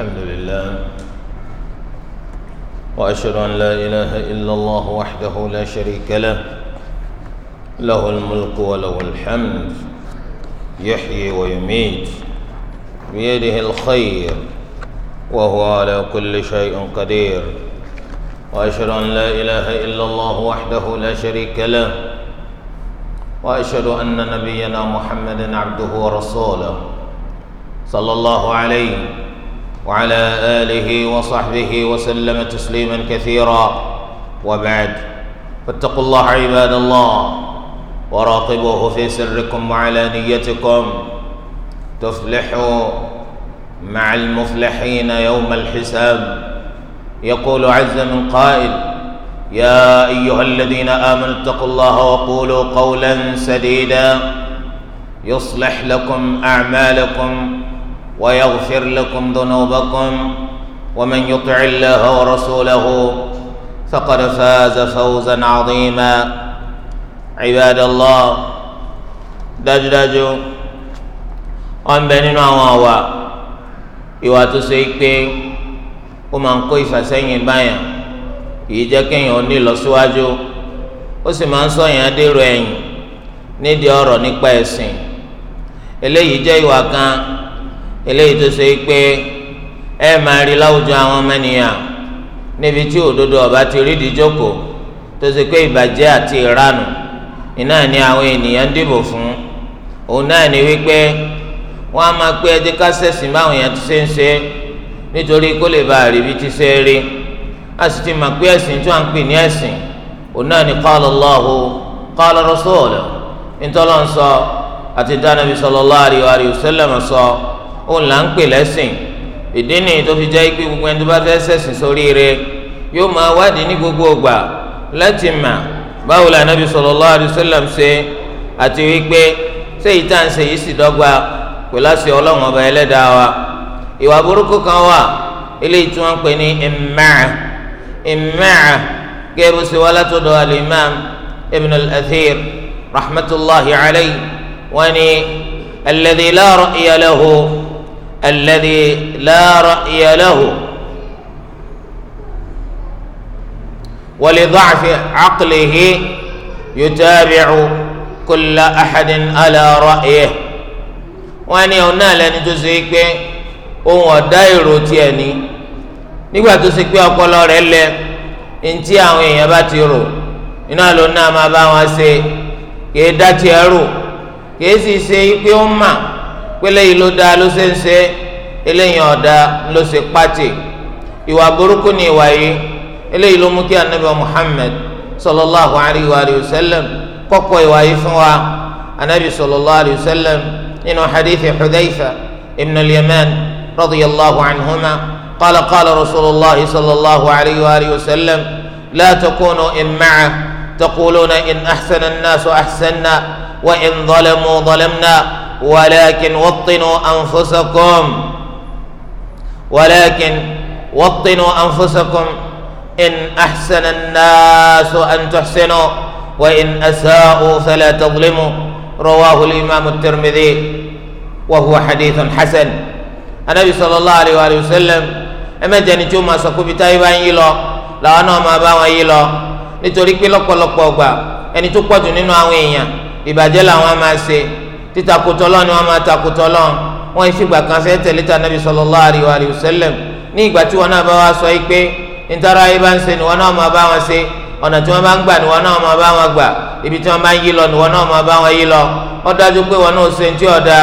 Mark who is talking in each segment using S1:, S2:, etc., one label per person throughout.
S1: الحمد لله وأشهد أن لا إله إلا الله وحده لا شريك له له الملك وله الحمد يحيي ويميت بيده الخير وهو على كل شيء قدير وأشهد أن لا إله إلا الله وحده لا شريك له وأشهد أن نبينا محمدا عبده ورسوله صلى الله عليه وعلى اله وصحبه وسلم تسليما كثيرا وبعد فاتقوا الله عباد الله وراقبوه في سركم وعلى نيتكم تفلحوا مع المفلحين يوم الحساب يقول عز من قائل يا ايها الذين امنوا اتقوا الله وقولوا قولا سديدا يصلح لكم اعمالكم ويغفر لكم ذنوبكم ومن يطع الله ورسوله فقد فاز فوزا عظيما عباد الله dájúdájú wọn bẹ nínú àwọn àwa ìwà tó ṣe pé ó máa ń kó ìfàsẹ́yìn báyà kìí jẹ́ kéèyàn ó ní ìlọsíwájú ó sì máa ń sọ̀yìn adérò ẹ̀yìn nídìí ọ̀rọ̀ nípa ẹ̀sìn eléyìí jẹ́ ìwà kan eléyìí tó ṣe pé ẹ máa rí láwùjọ àwọn ọmọ ènìyàn níbi tí òdodo ọba ti rí ìdíjókòó tó ṣe pé ìbàjẹ́ àti ìranù iná ni àwọn ènìyàn ń dìbò fún òun náà ni wípé wọ́n á máa pé ẹdí kásẹ̀sì báwọn èèyàn ti ṣe ń ṣe nítorí kó lè bá àríbi ti ṣe rí a sì ti máa pé ẹ̀sìn tí wọ́n pè ní ẹ̀sìn òun náà ni qala Allahu qala àti dáná bí sallallahu alaihi wa òun là ń pè lẹ́sìn ìdí nìyí tó fi jẹ́ pé gbogbo ẹni tó bá fẹ́ ṣẹ̀sìn sóríire yóò máa wádìí ní gbogbo ọgbà láti mà báwo la nàbì sallallahu alaihi wasallam ṣe àti wípé ṣé ìta ń ṣe yìí sì dọ́gba pẹ̀lú àṣẹ ọlọ́run ọba ẹlẹ́dàá wa ìwà burúkú kan wà eléyìí tí wọ́n pè ní ìmáà ìmáà gẹ́gẹ́ bó ṣe wá látọ̀dọ̀ al-imam ibn al-athir rahmatullahi alayhi wọ́n ní alladhi la ra'ya lahu. الذي لا رأي له ولضعف عقله يتابع كل أحد على رأيه wọ́n ní ọ̀nà lẹ́ni tó ṣe pé òun ọ̀dá èrò tiẹ̀ ní nígbà tó ṣe pé ọpọlọ rẹ̀ lẹ ntí àwọn èèyàn bá ti rò iná ló náà máa bá wọn ṣe kì í dá tiẹ̀ rò kì í sì ṣe pé ó mà pélé yìí ló dáa ló ṣe ń ṣe eléyìí ọ̀dà ló ṣe pàtì ìwà burúkú ni ìwà yìí eléyìí ló mú kí anabi muhammed sallallahu alayhi wa sallam kọ́kọ́ ìwà yìí fún wa anabi sallallahu alayhi wa sallam nínú hadithi xudayfa ibn al radiyallahu anhuma qala qala rasulillahi sallallahu alayhi wa sallam la takunu immaca taquluna in axsana annaasu axsanna wa in dalamu dalamna. ولكن وطنوا أنفسكم ولكن وطنوا أنفسكم إن أحسن الناس أن تحسنوا وإن أساءوا فلا تظلموا رواه الإمام الترمذي وهو حديث حسن النبي صلى الله عليه وآله وسلم أما jẹni tí o máa sọ kóbi táyé bá ń yí lọ làwọn náà máa bá wọn yí lọ nítorí pé lọ́pọ̀lọpọ̀ ọgbà ẹni tó pọ̀jù títakùtọ lọ ni wọn máa takùtọ lọ wọn yìí fìgbà kan fẹ́ tẹ̀lé ta nabi sallallahu alayhi wa sallam ní ìgbà tí wọn náà bá wa sọ yìí pé nítorí ayé bá ń ṣe ni wọn náà máa bá wọn ṣe ọ̀nà tí wọ́n bá ń gbà ni wọ́n náà máa bá wọn gbà ibi tí wọ́n bá ń yí lọ ni wọ́n náà máa bá wọn yí lọ ó dájú pé wọ́n náà ṣe ti ọ̀dà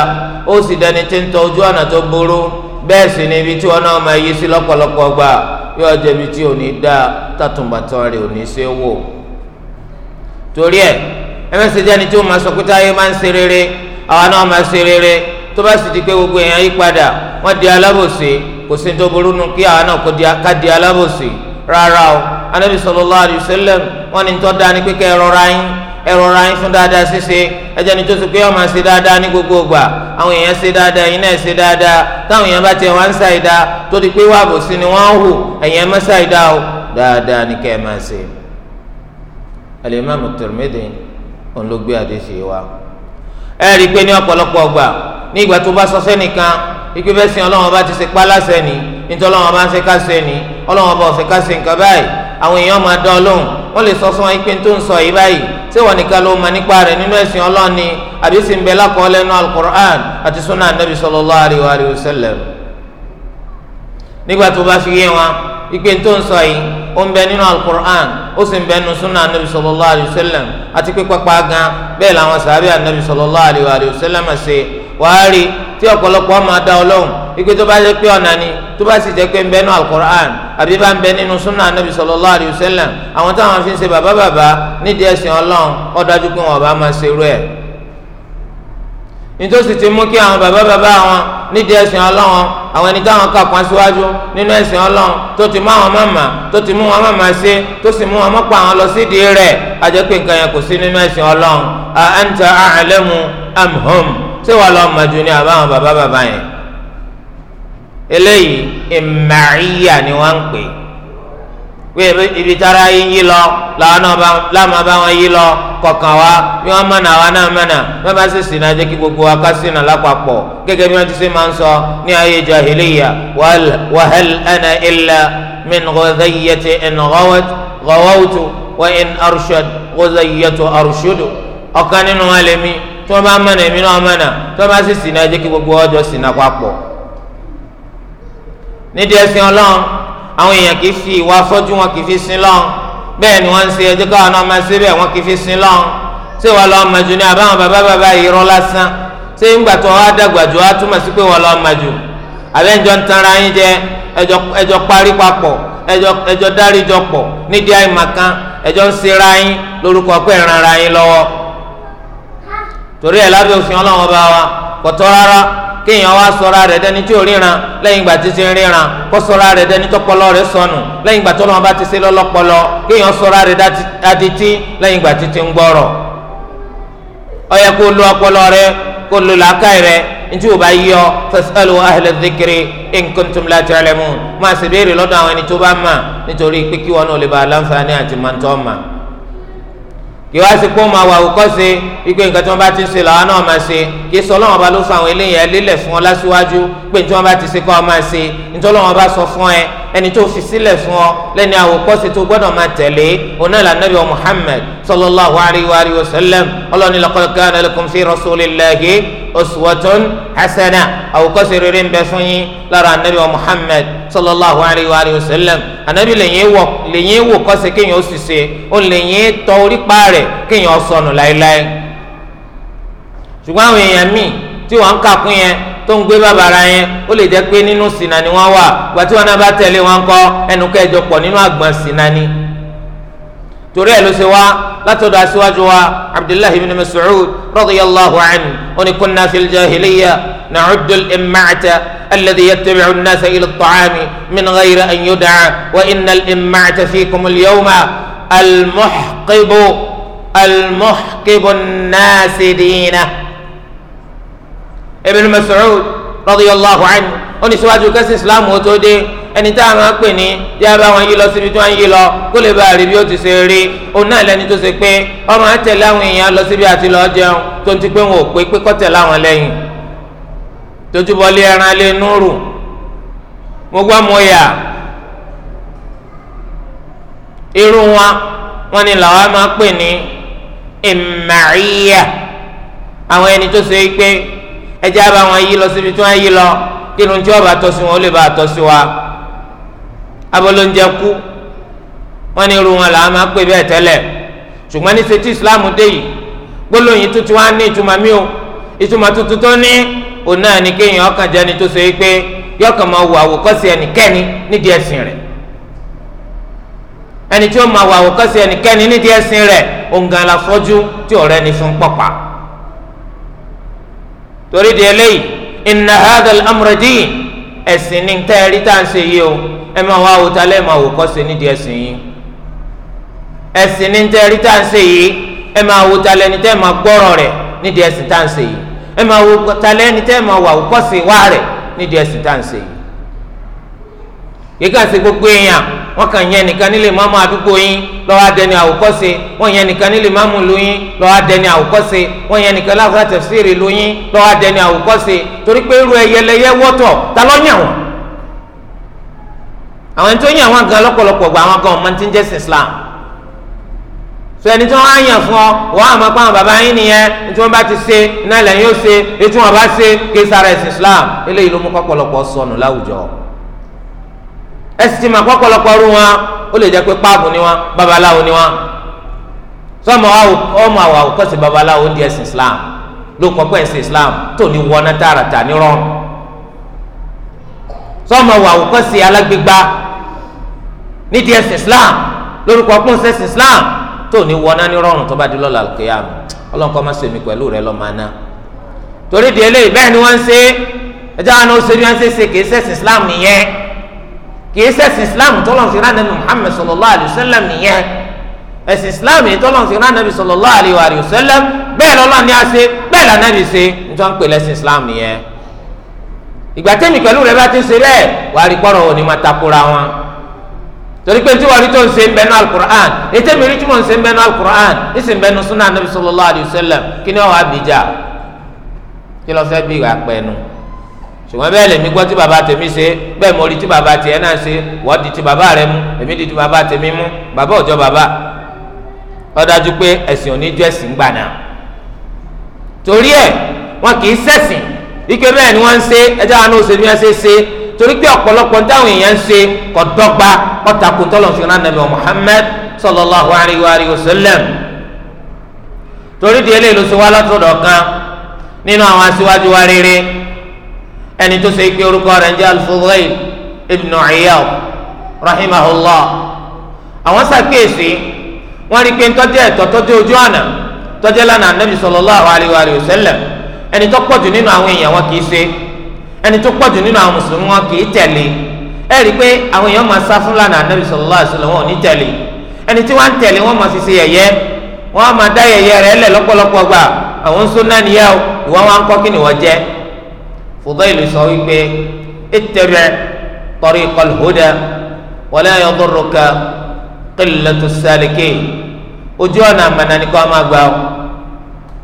S1: o sì dẹni tí ń tọ ojú ọ̀nà tó burú bẹ́ẹ̀ sì ni ibi tí wọ́n náà máa yí sí lọ́pọ̀lọpọ̀ gbà yóò jẹ́ ibi tí ò ní dá tàtúbàtàn rẹ̀ ò wò. torí ẹ ẹ mẹ́sẹ̀ jẹ́ni tí ó máa sọ pé táyé máa ń ṣe rere àwa náà máa ṣe rere tó bá sì di pé gbogbo èèyàn yí padà wọ́n di alábòsí kò sí tó burú nu kí àwa náà ká di alábòsí rárá o anabi sallallahu alayhi wa sallam wọ́n ní tó dáa ní pé kẹ́ ẹ rọra yín ẹrọ ra yín fún dáadáa ṣíṣe ẹjẹ ni tó sọ pé ọmọ ṣe dáadáa ní gbogbo ìgbà àwọn èèyàn ṣe dáadáa yín náà ṣe dáadáa táwọn èèyàn bá tiẹ̀ wá ń ṣàìdá tó di pé wà bò ni wọ́n ń hù ẹ̀yìn ẹ̀ má ṣàìdá o dáadáa ni kẹ́ ẹ máa ṣe. Al-Imam Tirmidhi òun ló wa. ẹ rí i pé ní ọ̀pọ̀lọpọ̀ ọgbà ní ìgbà tó bá sọ sẹ́nìkan ikú bẹ́ẹ̀ sìn ọlọ́wọ́n bá ti ṣe pálá sẹ́ni nítorí ọlọ́wọ́n bá ń ṣe ká sẹ́ni ọlọ́wọ́n bá ọ̀ṣẹ̀ ká sẹ́ni kan báyìí àwọn èèyàn máa dán wọ́n lè sọ wa tó ń sọ yìí báyìí wọ́n nìkan ló ma nípa rẹ̀ nínú ẹ̀sìn Ọlọ́run ìpè tó ń sọ yìí ó ń bẹ nínú alukur'an ó sì ń bẹ nínú sunna anabi sallallahu alayhi wa sallam àti pípa pàgán bẹ́ẹ̀ làwọn sàbẹ̀ anabi sallallahu alayhi wa sallam ṣe wàá rí tí ọ̀pọ̀lọpọ̀ ọmọ adá ọlọ́run ìpè tó bá jẹ́ pé ọ̀nà ni tó bá sì jẹ́ pé ń bẹ nínú alukur'an àbí bá ń bẹ nínú sunna anabi sallallahu alayhi wa sallam àwọn táwọn fi ń ṣe bàbá bàbá nídìí ẹ̀sìn ọlọ́run ó dájú pé wọn ò bá máa ṣerú ẹ̀ nídìí ẹ̀sìn ọlọ́run àwọn ẹni táwọn kà kan síwájú nínú ẹ̀sìn ọlọ́run tó ti mú àwọn mọ̀mọ́ tó ti mú wọn mọ̀mọ́ sí tó sì mú wọn mọ̀pọ̀ àwọn lọ sídìí rẹ̀ àjẹ́ nǹkan yẹn kò sí nínú ẹ̀sìn ọlọ́run à anta a'lamu am hum ṣé wàá lọ mọ̀jú ni àbáwọn bàbá bàbá yẹn eléyìí ìmàríyà ni wọ́n ń pè é wíwí ibi tára yín yí lọ láàmú bá wọn yí lọ kọkàn wa bí wọn mọ̀nà àwa náà mọ̀nà bí wọn bá sì sìn náà jẹ́ kí gbogbo wa ká sìn lápapọ̀ gẹ́gẹ́ bí wọn ti sẹ́ máa ń sọ ní ayé jahiliya wàhálà ẹnà ilà min ghadhayyati in ghawawtu wa in arshad ghadhayyatu arshudu ọ̀kan nínú wọn lèmi tí wọn bá mọ̀nà èmi náà mọ̀nà tí wọn bá sì sìn náà jẹ́ kí gbogbo wa jọ sìn lápapọ̀ nídìí ẹ̀sìn ọlọ́run àwọn èèyàn kì í fi ìwà afọ́jú wọn kì í fi sin lọ́n bẹ́ẹ̀ ni wọ́n ń ṣe ẹjọ́ káwọn náà máa ṣe bẹ́ẹ̀ wọn kì í fi sin lọ́n ṣé wọn lọ́ọ́ mọ̀jú ni àbáwọn bàbá bàbá yìí rọ́ lásán ṣé ńgbà tó wá dàgbà jù wá túmọ̀ sí pé wọn lọ́ọ́ mọ̀jú àbẹ́jọ́ ń tanra yín jẹ ẹjọ́ parí papọ̀ ẹjọ́ dáríjọ pọ̀ nídìí àìmọ̀kan ẹjọ́ ń ṣera yín lórúkọ pé ìran yín lọ́wọ́ torí ẹ̀ lábẹ́ òfin ọlọ́run ọba wa kò rárá kéèyàn wá sọra rẹ̀ dẹni tí ò ríran lẹ́yìn ìgbà tí ti ń ríran kó sọra rẹ̀ dẹni tọpọlọ rẹ̀ sọnù lẹ́yìn ìgbà tó lọ́wọ́ bá ti ṣe lọ́lọ́pọlọ kéèyàn sọra rẹ̀ adití lẹ́yìn ìgbà tí ti ń gbọ́rọ̀ ó yẹ kó lo ọpọlọ rẹ̀ kó lo làákàyè rẹ̀ ntí o bá yọ fasalu ahlẹ̀ zikiri in kuntum la ta'lamun máa ṣèbéèrè lọ́dọ̀ àwọn ẹni tó bá mà nítorí pé kí wọn náà lè ba aláǹfààní àti màntọ́ mà kí wá sí pé ó máa wà òkọ́ ṣe wípé nǹkan tí wọ́n bá ti ń ṣe làwọn náà máa ṣe kí sọ Ọlọ́run bá ló sọ àwọn eléyìí ẹ lélẹ̀ fún ọ lásìwájú pé ní tí wọ́n bá ti ṣe kọ́ ọ máa ṣe ní tí bá sọ fún ẹ ẹni tó fi sílẹ̀ fún ọ lẹ́ni àwòkọ́ṣe tó gbọ́dọ̀ máa tẹ̀lé onáàlà nàbí wa muhammed sallallahu alayhi wa alihi wa sallam ọlọ́ni laqad kana lakum fi rasulillahi uswatun hasana àwòkọ́ṣe rere ń bẹ fún yín lára nàbí wa muhammed sallallahu alayhi wa alihi wa sallam ànàbí lèyìn wọ lèyìn wò kọ́ṣe kéèyàn ó sì ó lèyìn tọ́ orí paarẹ̀ kéèyàn ó láéláé ṣùgbọ́n àwọn èèyàn míì tí wọ́n ń kàkún yẹn tó ń gbé bàbàrà yẹn ó lè jẹ́ pé nínú ṣìnà ni wọ́n wà gbàtí wọn náà bá tẹ̀lé wọn kọ́ ẹnu kẹjọ pọ̀ nínú àgbọn ṣìnà ni torí ẹ ló ṣe wá látọ̀dọ̀ aṣíwájú wa abdullahi ibn mas'ud radiyallahu anhu oní kunna fil jahiliya na'uddu al-imma'ata alladhi yattabi'u an-nasa ila at min ghayri an yud'a wa inna al-imma'ata fikum al-yawma al-muhqibu al Ibn Mas'ud radiyallahu anhu ó ní síwájú kẹ́sì islam ó tó dé ẹni tá a máa pè ní yá bá wọn yí lọ síbi tí wọ́n yí lọ kó lè bá a rí bí ó ti ṣe rí òun náà lẹni tó ṣe pé ọmọ àtẹ̀lé àwọn èèyàn lọ síbi àti lọ jẹun tó ti pé wọn ò pé pé kọ́tẹ̀lé àwọn lẹ́yìn tójúbọlé ẹran lé núrù mo gbọ́ irú wọn wọn ni làwọn máa pè ní ìmàríyà àwọn ẹni tó ṣe pé ẹ jẹ́ àbá wọn yí lọ síbi tí wọ́n yí lọ kí irun tí wọ́n bá tọ́ sí wọn ó lè bá tọ́ sí wa abolóúnjẹ kú wọ́n ní irú wọn làá máa pè bẹ́ẹ̀ tẹ́lẹ̀ ṣùgbọ́n ní ṣe islam dé yìí gbólóyìn tó ti wá ní ìtumọ̀ mi o ìtumọ̀ tuntun tó ní òun náà ni kéèyàn ọkàn jẹ́ni tó ṣe é pé yọkàn máa wò àwòkọ́sí ẹnikẹ́ni nídìí ẹ̀sìn rẹ̀ ẹni tí ó máa wò àwòkọ́sí ẹnikẹ́ni nídìí ẹ̀sìn rẹ̀ òǹgàn àlàfọ́jú tí ọ̀rẹ́ ni fún pọ̀pà torí di eléyìí inna hadal amradi ẹ̀sìn ní tẹ́ẹ̀rí tá à ń ṣe yìí o ẹ máa wá wò tálẹ́ máa wò kọ́sẹ̀ nídìí ẹ̀sìn yìí ẹ̀sìn ní tẹ́ẹ̀rí tá à ń ṣe yìí ẹ máa wò tálẹ́ tẹ́ẹ̀ máa gbọ́rọ̀ rẹ̀ nídìí ẹ̀sìn tá à ń ṣe yìí ẹ máa wò tálẹ́ tẹ́ẹ̀ máa wà wò kọ́sẹ̀ wá rẹ̀ nídìí ẹ̀sìn tá à ń ṣe yìí kíkà sí gbogbo èèyàn wọ́n kàn yẹn nìkan nílé mọ́mú àdúgbò yín lọ́wọ́ adẹni àwòkọ́ṣe wọ́n yẹn nìkan nílé mọ́mú lu yín lọ́wọ́ adẹni àwòkọ́ṣe wọ́n yẹn nìkan láfa tẹ̀síìrì lu yín lọ́wọ́ adẹni àwòkọ́ṣe torí pé irú ẹyẹlẹyẹ wọ́tọ̀ ta ló yàn wọ́n. àwọn ẹni tó yàn wọn gan lọ́pọ̀lọpọ̀ gba àwọn gan ọmọ ń jẹ́ sin Islam sọ ẹni tí wọn á yàn fún ọ wọn àmọ́ pé àwọn bàbá yín nìyẹn ní tí wọn bá ti ṣe náà lẹ́yìn ó ṣe ètò wọn bá ṣe kí sara ẹsìn Islam eléyìí ló mú kọpọlọpọ sọnù láwùjọ ẹsì ti máa kọ́ ọ̀pọ̀lọpọ̀ ọrùn wọn ó lè jẹ́ pé páàbù ni wọn babaláwo ni wọn sọmọ ọmọ àwọn àwòkọ́sí babaláwo di ẹ̀sìn Islam ló kọ́ pé ẹ̀sìn Islam tó ní wọná tààràtà ní rọrùn sọmọ àwọn àwòkọ́sí alágbègbà ní di ẹ̀sìn Islam lórúkọ pọ́n sẹ́sìn Islam tó ní wọná ní rọrùn tó bá di lọ́la kéyàmù ọlọ́nkọ́ má sèmi pẹ̀lú rẹ lọ́ọ́ máa ná torí di eléyìí bẹ́ẹ̀ ni wọ́n ń ṣe ẹjọ́ àwọn ọ̀sẹ̀ ni wọ́n ń ṣe ṣe kì í sẹ́sìn Islam nìyẹn kìí ṣẹ̀sìn islam tọ́lọ́n sí ránà muhammed sallallahu alayhi wa sallam nìyẹn ẹ̀sìn islam yìí tọ́lọ́n sí ránà sallallahu alayhi wa sallam bẹ́ẹ̀ lọ́lọ́ ni a ṣe bẹ́ẹ̀ lànà bí ṣe nítorí pé lẹ́sìn islam nìyẹn. ìgbà tẹ́mi pẹ̀lú rẹ bá ti ṣe bẹ́ẹ̀ wà á rí pọ́rọ̀ òní máa takora wọn. torí pé tí wọ́n rí tó ń ṣe ń bẹnu alukur'an ètè mi rí tí wọ́n ń ṣe ń bẹnu alukur'an ìsì ń bẹnu sunnah nabi sallallahu alayhi wa sallam kí ni wọ́n wá ṣùgbọ́n bẹ́ẹ̀ lèmi gbọ́ tí bàbá tèmi ṣe bẹ́ẹ̀ mo rí tí bàbá tiẹ̀ náà ṣe wọ́n di ti bàbá rẹ mú èmi di ti bàbá tèmi mú bàbá ọ̀jọ́ bàbá ó dájú pé ẹ̀sìn òní jẹ́ ẹ̀sìn gbà náà torí ẹ̀ wọn kì í ṣẹ̀sìn ike bẹ́ẹ̀ ni wọ́n ń ṣe ẹjọ́ àwọn oṣù ni wọ́n ṣe ṣe torí pé ọ̀pọ̀lọpọ̀ táwọn èèyàn ń ṣe kò dọ́gba ọ̀tàkùn tọ́lọ̀ fi rán nàbẹ̀ Muhammad sallallahu alayhi wa sallam torí di eléyìí ló ṣe wá lọ́tọ̀dọ̀ kan nínú àwọn aṣíwájú wa rere ẹni tó ṣe pé orúkọ rẹ̀ ń jẹ́ al-Fudhayl ibn Iyad rahimahullah àwọn ṣàkíyèsí wọ́n rí pé ntọ́jú ẹ̀tọ́ tọ́jú ojú ọ̀nà tọ́jú lánàá nabi sallallahu alayhi wa sallam ẹni tó pọ̀jù nínú àwọn èèyàn wọn kì í ṣe ẹni tó pọ̀jù nínú àwọn mùsùlùmí wọn kì í tẹ̀lé ẹ rí i pé àwọn èèyàn máa sá fún lánàá nabi sallallahu alayhi wa wọn ò ní tẹ̀lé ẹni tí wọ́n ń tẹ̀lé wọn Fudayl sọ wípé ittabi' tariqal huda wala yadurruka qillatu salikin ojú ọ̀nà àmàna ni kò máa gbà ó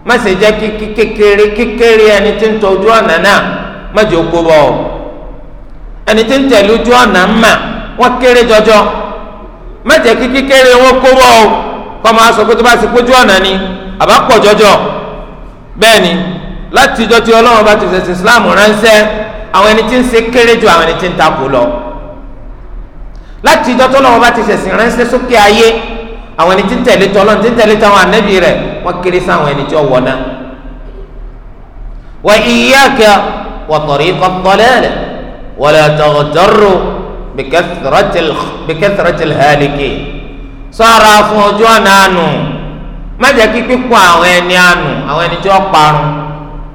S1: má ṣe jẹ́ kí kékeré kékeré ẹni tí ń tọ ojú ọ̀nà náà má jẹ́ okó bọ̀ ọ́ ẹni tí ń tẹ̀lé ojú ọ̀nà ń wọ́n kéré jọjọ má kékeré wọn kó bọ̀ ọ́ kọ́ máa sọ pé tó bá ti pójú ọ̀nà ni àbá pọ̀ jọjọ bẹ́ẹ̀ ni láti ìjọ tí ọlọ́run bá ti ṣẹ̀sìn islam ránṣẹ́ àwọn ẹni tí ń ṣe kéré ju àwọn ẹni tí ń takò lọ láti ìjọ tí ọlọ́run bá ti ṣẹ̀sìn ránṣẹ́ sókè ayé àwọn ẹni tí ń tẹ̀lé tọ́lọ́run tí ń tẹ̀lé táwọn ànábì rẹ̀ wọ́n kéré sáwọn ẹni tí ó wọ̀ náà wa iyyaka wa tariqa ad-dalal wa la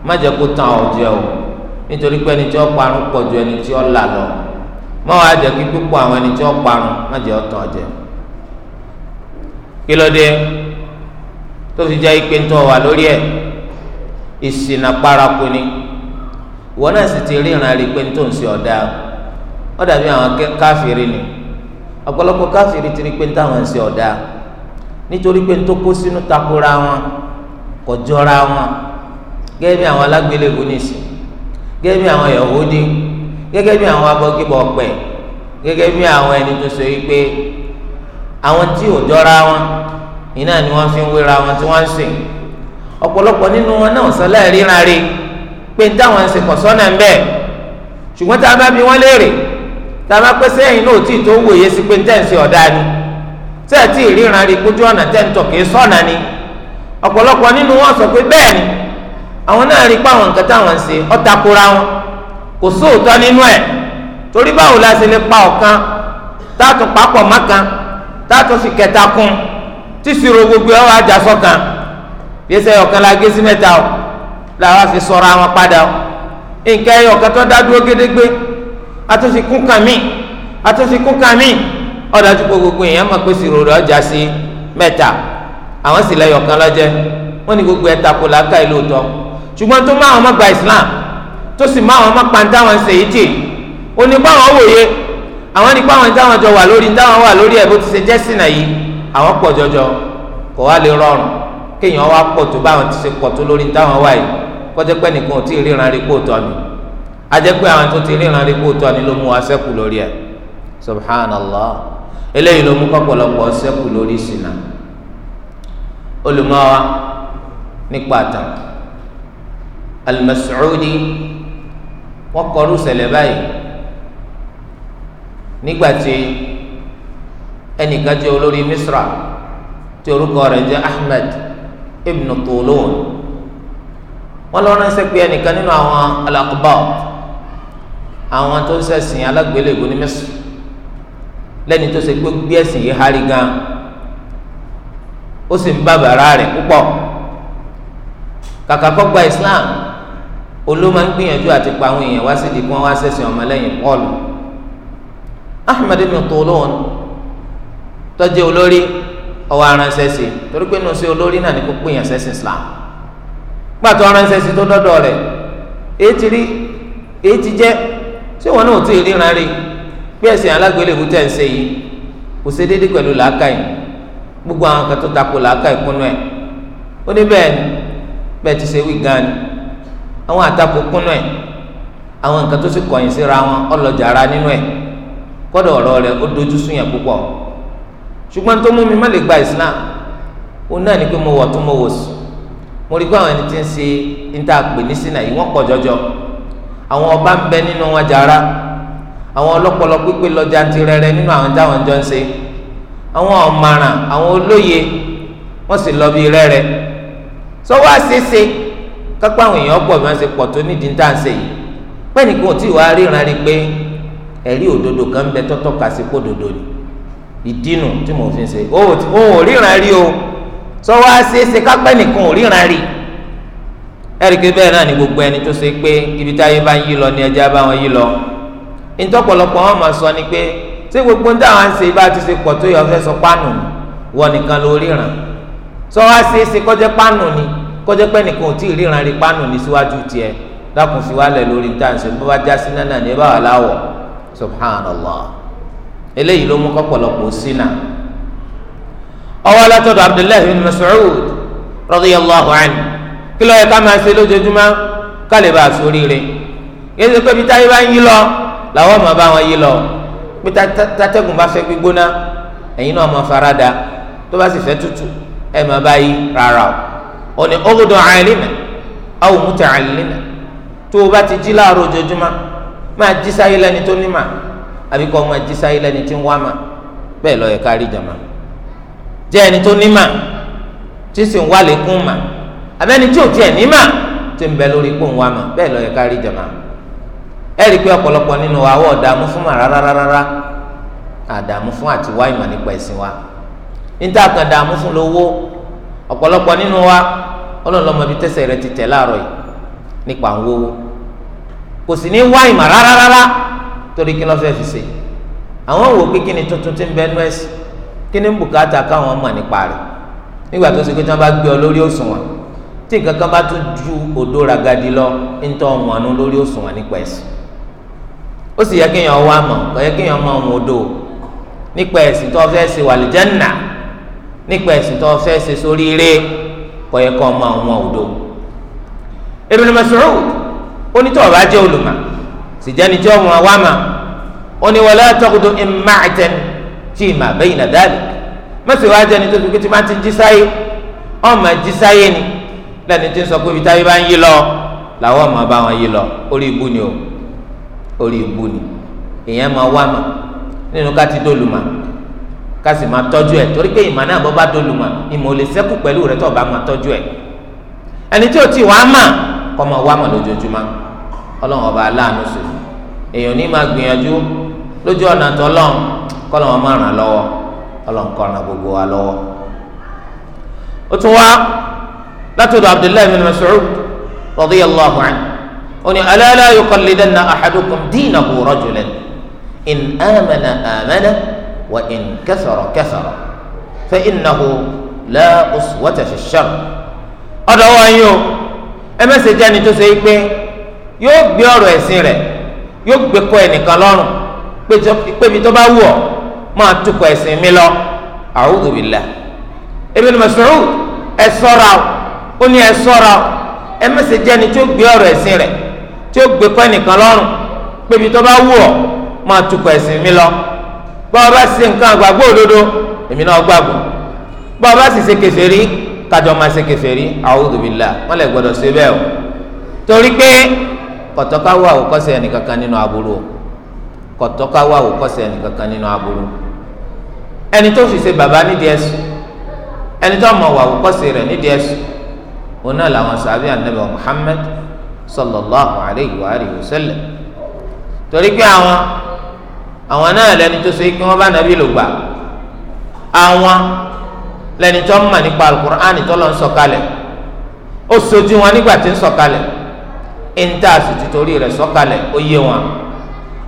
S1: má jẹ́ kó tán ọ jẹ o nítorí pé ẹni tí ó parun pọ̀ ju ẹni tí ó là lọ má wàá jẹ́ kí púpọ̀ àwọn ẹni tí ó parun má jẹ́ ọ tán ọ jẹ. kí ló dé tó fi jẹ́ ipe tó wà lórí ẹ̀ ìsìnà paraku ni ìwọ náà sì ti ríran rí pé tó ń ṣe ọ̀dà ó dàbí àwọn káfíìrì ni ọ̀pọ̀lọpọ̀ káfíìrì ti rí pé táwọn ń ṣe ọ̀dà nítorí pé tó kó sínú takora wọn kò jọra wọn gẹ́gẹ́ bí àwọn alágbélébùú nìsín gẹ́gẹ́ bí àwọn Yahudi gẹ́gẹ́ bí àwọn abọ́gibọ̀ ọ̀pẹ gẹ́gẹ́ bí àwọn ẹni tó so yìí pé àwọn tí ò jọra wọn iná ni wọ́n fi wọn tí wọ́n ń sìn ọ̀pọ̀lọpọ̀ nínú wọn náà rí pé táwọn ń a bá wọ́n léèrè tá a bá náà tí tó wòye sí ni tẹ́ẹ̀tì rí kójú ọ̀nà tẹ́ǹtọ̀ sọ̀nà ni ọ̀pọ̀lọpọ̀ nínú wọn sọ ni àwọn náà rí pa àwọn nǹkan táwọn ń ṣe ọ̀tá kura wọn kò sóòótọ́ nínú ẹ̀ torí báwo la ṣe lè pa ọ̀kan táàtún papọ̀ mọ́kan táàtún sì kẹta kún tíṣirò gbogbo ẹ̀ wá jà sọ́kan yẹsẹ̀ ọ̀kan la gé sí mẹ́ta o làwa fi sọ̀rọ̀ àwọn padà o nǹkan ẹ̀yọ̀ ọ̀kan tó dá dúró gédégbé àtúnṣe kún kàn mí àtúnṣe kún kàn mí ọ̀dájú gbogbo èèyàn mọ̀ pé sírò rẹ̀ ọjà sí mẹ́ta àwọn sì lẹ́yọ̀ lọ́jẹ́ wọ́n ní gbogbo ẹ̀ takò lákàá ìlú ọ̀tọ̀ ṣùgbọ́n tó má àwọn má gba islam tó sì ma àwọn má pàǹtà wọn ṣe yìí tì ó ní wòye àwọn nípa àwọn wọn jọ wà lórí táwọn wà lórí ẹ̀ bó ti ṣe jẹ́ sínà yìí àwọn pọ̀ jọjọ kò wá lè rọrùn kéèyàn wá pọ̀ tó báwọn ti ṣe pọ̀ tó lórí táwọn wà yìí kọjá pé nìkan ò tí ì ríran rí kóòtọ́ ni ajẹ́ pé àwọn tó ti wa ṣẹ́kù lórí subhanallah eléyìí al-Mas'udi wọ́n kọrú ṣẹlẹ̀ báyìí nígbàtí ẹnìkan jẹ́ olórí Misra tí orúkọ rẹ̀ jẹ́ Ahmed ibn Tulun wọ́n lọ ránṣẹ́ pé ẹnìkan nínú àwọn al-Aqbat àwọn tó ń ṣẹ̀sìn alágbélébùú ní Misra lẹ́ni tó ṣe pé gbé ẹ̀sìn yìí hárí gan ó sì ń bá bàrà rẹ̀ púpọ̀ kàkà kó gba Islam olú máa ń gbìyànjú àti pa àwọn èèyàn wá sí di kí wọ́n wá sẹ́sìn ọmọlẹ́yìn pọ́ọ̀lù ahmed ibn tolon tọ́jú olórí ọwọ́ aránṣẹ́ sí torí pé nùsí olórí náà ní kó pè yàn sẹ́sìn islam pàtó aránṣẹ́ sí tó dọ́dọ̀ rẹ̀ èyí ti rí èyí ti jẹ́ tí wọn náà ti ríran rí bí ẹ̀sìn alágbélébú tẹ̀ ń ṣe yìí kò ṣe déédéé pẹ̀lú làákàyè gbogbo àwọn kan tó takò làákàyè kúnú ẹ̀ ó ní bẹ́ẹ̀ bẹ́ẹ̀ ti ṣe wí gan ni àwọn àtakò kúnnú ẹ̀ àwọn nǹkan tó sì kọ̀yìn síra wọn ọlọ́jà ara nínú ẹ̀ kọ́dọ̀ ọ̀rọ̀ rẹ̀ ó dojú sún yẹn púpọ̀ ṣùgbọ́n tó mú mi má lè gba Islam òun náà ni pé mo wọ̀ tó mo wò sùn mo rí pé àwọn ẹni tí ń ṣe ń tà pè ní sínà yìí wọ́n pọ̀ jọjọ àwọn ọba ń bẹ nínú wọn jàrá àwọn ọlọ́pọlọ pípé lọ́jà ti rẹrẹ nínú àwọn táwọn jọ ń ṣe àwọn ọ̀maràn àwọn olóye wọ́n sì lọ bí rẹ́rẹ́ sọ wá ṣeéṣe. So, kápá àwọn èèyàn pọ̀ bí wọ́n ṣe pọ̀ tó nídìí tá à ń ṣe yìí pẹ́ẹ́nì kan tí wàá ríran rí pé ẹ̀rí òdodo kan ń bẹ tọ́tọ́ kà sí pódodo ni ìdínú tí mo fi ń ṣe o ò ríran rí o sọ wá ṣe é ṣe kápá nìkan ò ríran rí ẹ̀rí pé bẹ́ẹ̀ náà ni gbogbo ẹni tó ṣe pé ibi táyé bá ń yí lọ ni ẹja bá wọn yí lọ ìtọ́pọ̀lọpọ̀ wọn máa sọ ni pé ṣé gbogbo ń dáhùn ṣe bá ti ṣe pọ̀ tó yọ fẹ́ sọ pánù wọn nìkan ló ríran sọ wá ṣe é ṣe kọjá pánù ni. So, kọjá pé nìkan ò tí ì ríran rí pánù ní síwájú tiẹ̀ dákun fi wálẹ̀ lórí táǹsì bó bá já sí náà ní báwa láwọ̀ subhanallah eléyìí ló mú kọ́pọ̀lọpọ̀ sínà ọwọ́ látọ̀dọ̀ abdullahi bin mas'ud radiyallahu anhu kí ló yẹ ká máa ṣe lójoojúmọ́ ká lè bá a sóríire yéé ṣe pé bí táyé bá ń yí lọ làwọn máa bá wọn yí lọ pé tátẹ́gùn bá fẹ́ gbígbóná ẹ̀yin náà máa farada tó bá sì fẹ́ tútù ẹ̀ máa bá yí rárá o. òní ọgọdọ àìlímẹ àwọn òmùtẹ àìlímẹ tó o bá ti jí láàárọ̀ ojoojúmọ́ máa jí sáyé lẹni tó ní mà àbí kọ́ máa jí sáyé tí ń bẹ́ẹ̀ lọ́ọ́ yẹ ká rí jàmá jẹ́ ẹni tó ní mà tí sì ń wá lékún mà tí ò tiẹ̀ ní mà tí ń bẹ lórí bẹ́ẹ̀ lọ́ọ́ yẹ ká rí jàmá ẹ rí i pé ọ̀pọ̀lọpọ̀ nínú wa ọ̀dààmú fún mà rárárárá àdààmú fún ọ̀pọ̀lọpọ̀ nínú wa ọlọ́lọ́mọ bíi tẹ́sẹ̀ rẹ ti tẹ̀ láàárọ̀ yìí nípa àwọn owó kò sì ní wá ìmọ̀ rárá rárá torí kí lọ́ọ́ fẹ́ fi ṣe àwọn wò pé kí ni tuntun ti ń bẹ nú ẹ̀sìn kí ni bùkátà káwọn mọ̀ nípa rẹ̀ nígbà tó ṣe pé tí wọ́n bá gbé ọ lórí òṣùwọ̀n tí nǹkan kan bá tún ju òdo ragadi lọ ń tọ́ ọ̀mọ̀nù lórí òṣùwọ̀n nípa ẹ̀sìn ó sì yẹ kéèyàn wá mọ̀ kò yẹ kéèyàn mọ̀ ọ̀hún òdo nípa ẹ̀sìn tó fẹ́ ṣe wàlìjẹ́nà nípa ẹ̀sìn tó fẹ́ ṣe sórí rẹ kò yẹ kó ọmọ àwọn òdo Ibn Mas'ud onítọ̀ bá jẹ́ olùmọ̀ sìjẹ́ni tí ọmọ wa mà ó ní wala taqdu imra'atan fi ma bayna dhalik mẹ́sì wá jẹ́ni tó fi tí máa ti jí sáyé ọmọ jí sáyé ni lẹ́ni tí ń sọ pé ibi táyé bá ń yí lọ làwọn ọmọ bá wọn yí lọ orí ibu ni o orí ibu ni èèyàn máa wá mà nínú ká ti dólùmọ̀ ká sì máa tọ́jú ẹ̀ torí pé ìmọ̀ náà bọ́ bá dolùmọ̀ ìmọ̀ ò lè sẹ́kù pẹ̀lú rẹ tó bá máa tọ́jú ẹ̀ ẹni tí ò tí wàá mà kọ́ máa wá mà lójoojúmọ́ ọlọ́run ọba aláàánú sí èèyàn ní máa gbìyànjú lójú ọ̀nà tọ́lọ́run kọ́lọ́run máa ràn lọ́wọ́ ọlọ́run kó ràn gbogbo wa lọ́wọ́ ó tún wá látọ̀dọ̀ Abdullahi bin Mas'ud radiyallahu anhu ó ní ala la yuqallidanna ahadukum dinahu in amana amana. وإن كثر كثر فإنه لا أسوة في الشر ọdọwọ yín o ẹ mẹsẹ jẹ ẹni tó ṣe pé yóò gbé ọ̀rọ̀ ẹ̀sìn rẹ̀ yóò gbé kọ́ ẹnìkan lọ́rùn pébi tó bá wù ọ́ máa tukọ̀ ẹ̀sìn mi lọ a'udhu billah Ibn Mas'ud ẹ ṣọ́ra o ó ní ẹ ṣọ́ra o ẹ mẹsẹ jẹ ẹni tó gbé ọ̀rọ̀ ẹ̀sìn rẹ̀ tí ó gbé kọ́ ẹnìkan lọ́rùn pébi tó bá wù ọ́ máa tukọ̀ ẹ̀sìn mi lọ bá ọba ṣe nǹkan àgbàgbọ́ òdodo èmi náà gbàgbọ́ bá ọba sì ṣe kèfèrí kájọ máa ṣe kèfèrí a'udhu billah wọn lè gbọdọ̀ ṣe bẹ́ẹ̀ o torí pé kọ̀tọ́káwá àwòkọ́ṣe ẹnìkankan nínú aburú o kọ̀tọ́káwá àwòkọ́ṣe ẹnìkankan nínú aburú ẹni tó fi ṣe bàbá nídìí ẹ̀sùn ẹni tó mọ̀ wà àwòkọ́ṣe rẹ̀ nídìí ẹ̀sùn òun náà làwọn sàbí ànábì Muhammad sallallahu alayhi wa alihi wa torí pé àwọn àwọn náà lẹni tó ṣe kí wọ́n bá nàbí lò gbà àwọn lẹni tó ń mọ̀ nípa alukur'ani tó lọ ń sọ̀kalẹ̀ ó sojú wọn nígbà tí ń sọ̀kalẹ̀ ìntà sì ti torí rẹ̀ sọ̀kalẹ̀ ó yé wọn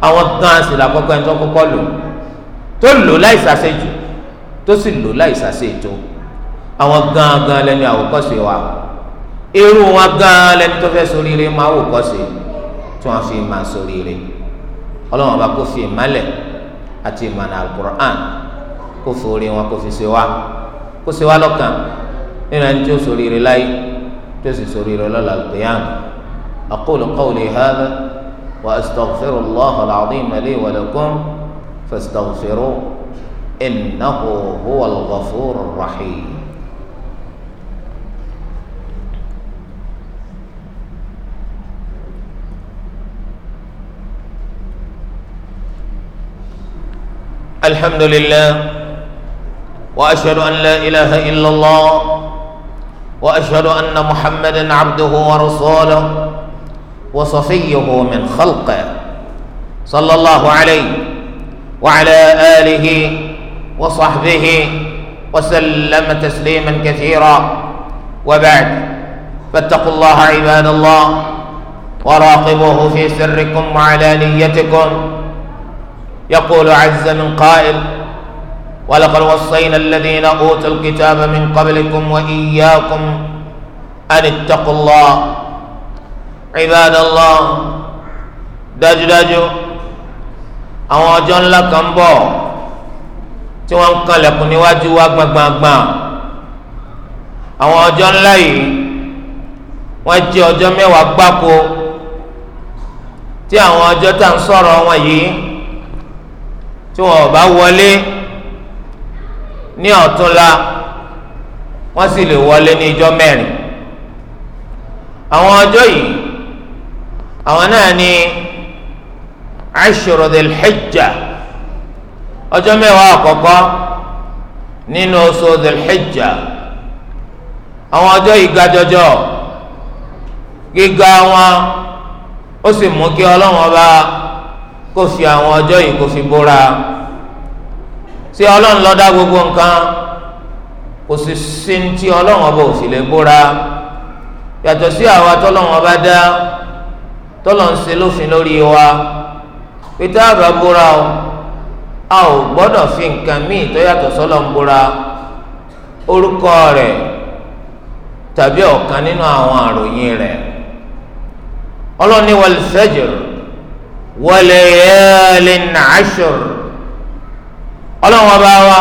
S1: àwọn gan sì làkọ́kọ́ ẹni tó kọ́kọ́ lò tó lò láì sàṣejù tó sì lò láì sàṣe ètò àwọn gan gan lẹni àwòkọ́ṣe wa irú wọn gan lẹni tó fẹ́ ṣoríire máa wòkọ́ṣe tí wọ́n fi máa ṣoríire ọlọ́run ọba kò fi ìmálẹ̀ àti ìmọ̀nà alukur'an kò forí wọn kò fi ṣe wá kò ṣe wá lọ́kàn nínú ẹni tí ó sori rẹ láyé tí ó sì sori rẹ lọ́la al-qiyam aqulu qawli hadha wa astaghfirullaha al-azim li wa lakum fastaghfiruhu الحمد لله واشهد ان لا اله الا الله واشهد ان محمدا عبده ورسوله وصفيه من خلقه صلى الله عليه وعلى اله وصحبه وسلم تسليما كثيرا وبعد فاتقوا الله عباد الله وراقبوه في سركم وعلانيتكم يقول عز من قائل ولقد وصينا الذين أوتوا الكتاب من قبلكم وإياكم أن اتقوا الله عباد الله dájúdájú àwọn ọjọ́ ńlá kan ń bọ̀ tí wọ́n ń kanlẹ̀kùn níwájú wa gbangbangba àwọn ọjọ́ ńlá yìí wọ́n jẹ́ ọjọ́ mẹ́wàá gbáko tí àwọn ọjọ́ tá à ń sọ̀rọ̀ wọn yìí tí wọn bá wọlé ní ọ̀túnla wọ́n sì lè wọlé ní ijọ́ mẹ́rin àwọn ọjọ́ yìí àwọn náà ní ashru dhil hijja ọjọ́ mẹ́wàá àkọ́kọ́ nínú oṣù dhil àwọn ọjọ́ yìí ga jọjọ gíga wọn ó sì mú kí ọlọ́wọ́n bá kó fi àwọn ọjọ́ yìí kó fi bóra sí ọlọ́run ló dá gbogbo nǹkan kò sì sí ti ọlọ́run ọba ò sì lè bóra yàtọ̀ sí àwa tọ́lọ́run ọba dá tọ́lọ́run ṣe lófin lórí wa pété àbá bóra o a ò gbọ́dọ̀ fi nǹkan míì tó yàtọ̀ sọ́lọ́run bóra orúkọ rẹ̀ tàbí ọ̀kan nínú àwọn àròyìn rẹ̀ ọlọ́ni wal fajr wọléyẹlẹ nàásùr ọlọ́run ọba wa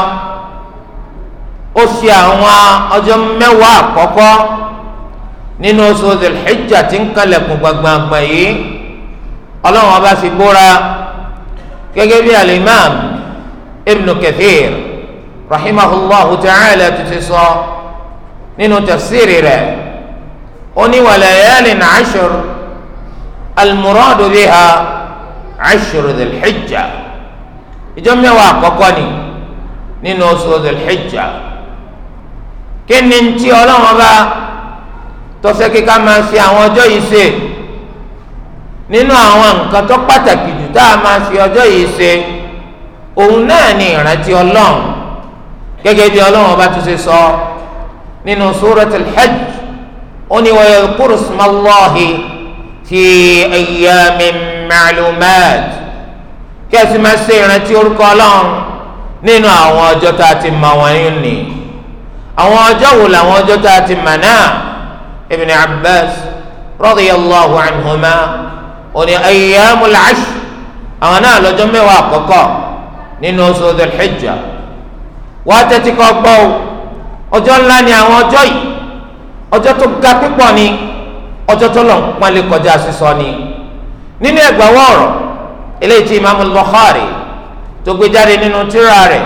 S1: ó fi àwọn ọjọ́ mẹ́wàá àkọ́kọ́ nínú oṣù zilhijjá tí ń kalẹ̀kùn gbàgbàgbà yìí ọlọ́run ọba fi búra gẹ́gẹ́ bí alimam ibn kathir rahimahullahu ta'ala ti ti sọ nínú tafsiri rẹ̀ ó ní wọléyẹlẹ nàásùr almuradu ashru dhil hijja ìjọ mẹ́wàá àkọ́kọ́ ni nínú oṣù dhil hijja kí ni ti ọlọ́run bá tọ́sẹ́ kíkà máa fi àwọn ọjọ́ yìí ṣe nínú àwọn nǹkan tó pàtàkì jù tá a máa fi ọjọ́ yìí ṣe òun náà ni ìrántí ọlọ́run gẹ́gẹ́ bí ọlọ́run ọba tó ṣe sọ nínú suratul hajj ó ní wa yadhkuru ismallahi fi ayyamin ma'lumat kẹ́sì máa ṣe ìrántí orúkọ ọlọ́run nínú àwọn ọjọ́ tá a ti mọ wọn yín ni àwọn ọjọ́ wo làwọn ọjọ́ tá a ti mọ̀ náà Ibn Abbas radiyallahu anhuma òní ayyamul ashr àwọn náà lọ́jọ́ mẹ́wàá àkọ́kọ́ nínú oṣù Dhul wàá tẹ́tí kọ́ gbọ́ o ọjọ́ ńlá ni àwọn ọjọ́ yìí ọjọ́ tó ga púpọ̀ ni ọjọ́ tó lọ́n pálí kọjá sísọ ni. nínú ẹgbàá wọ̀ọ̀rọ̀ eléyìí tí imaamu Bukhari tó gbé jáde nínú tírà rẹ̀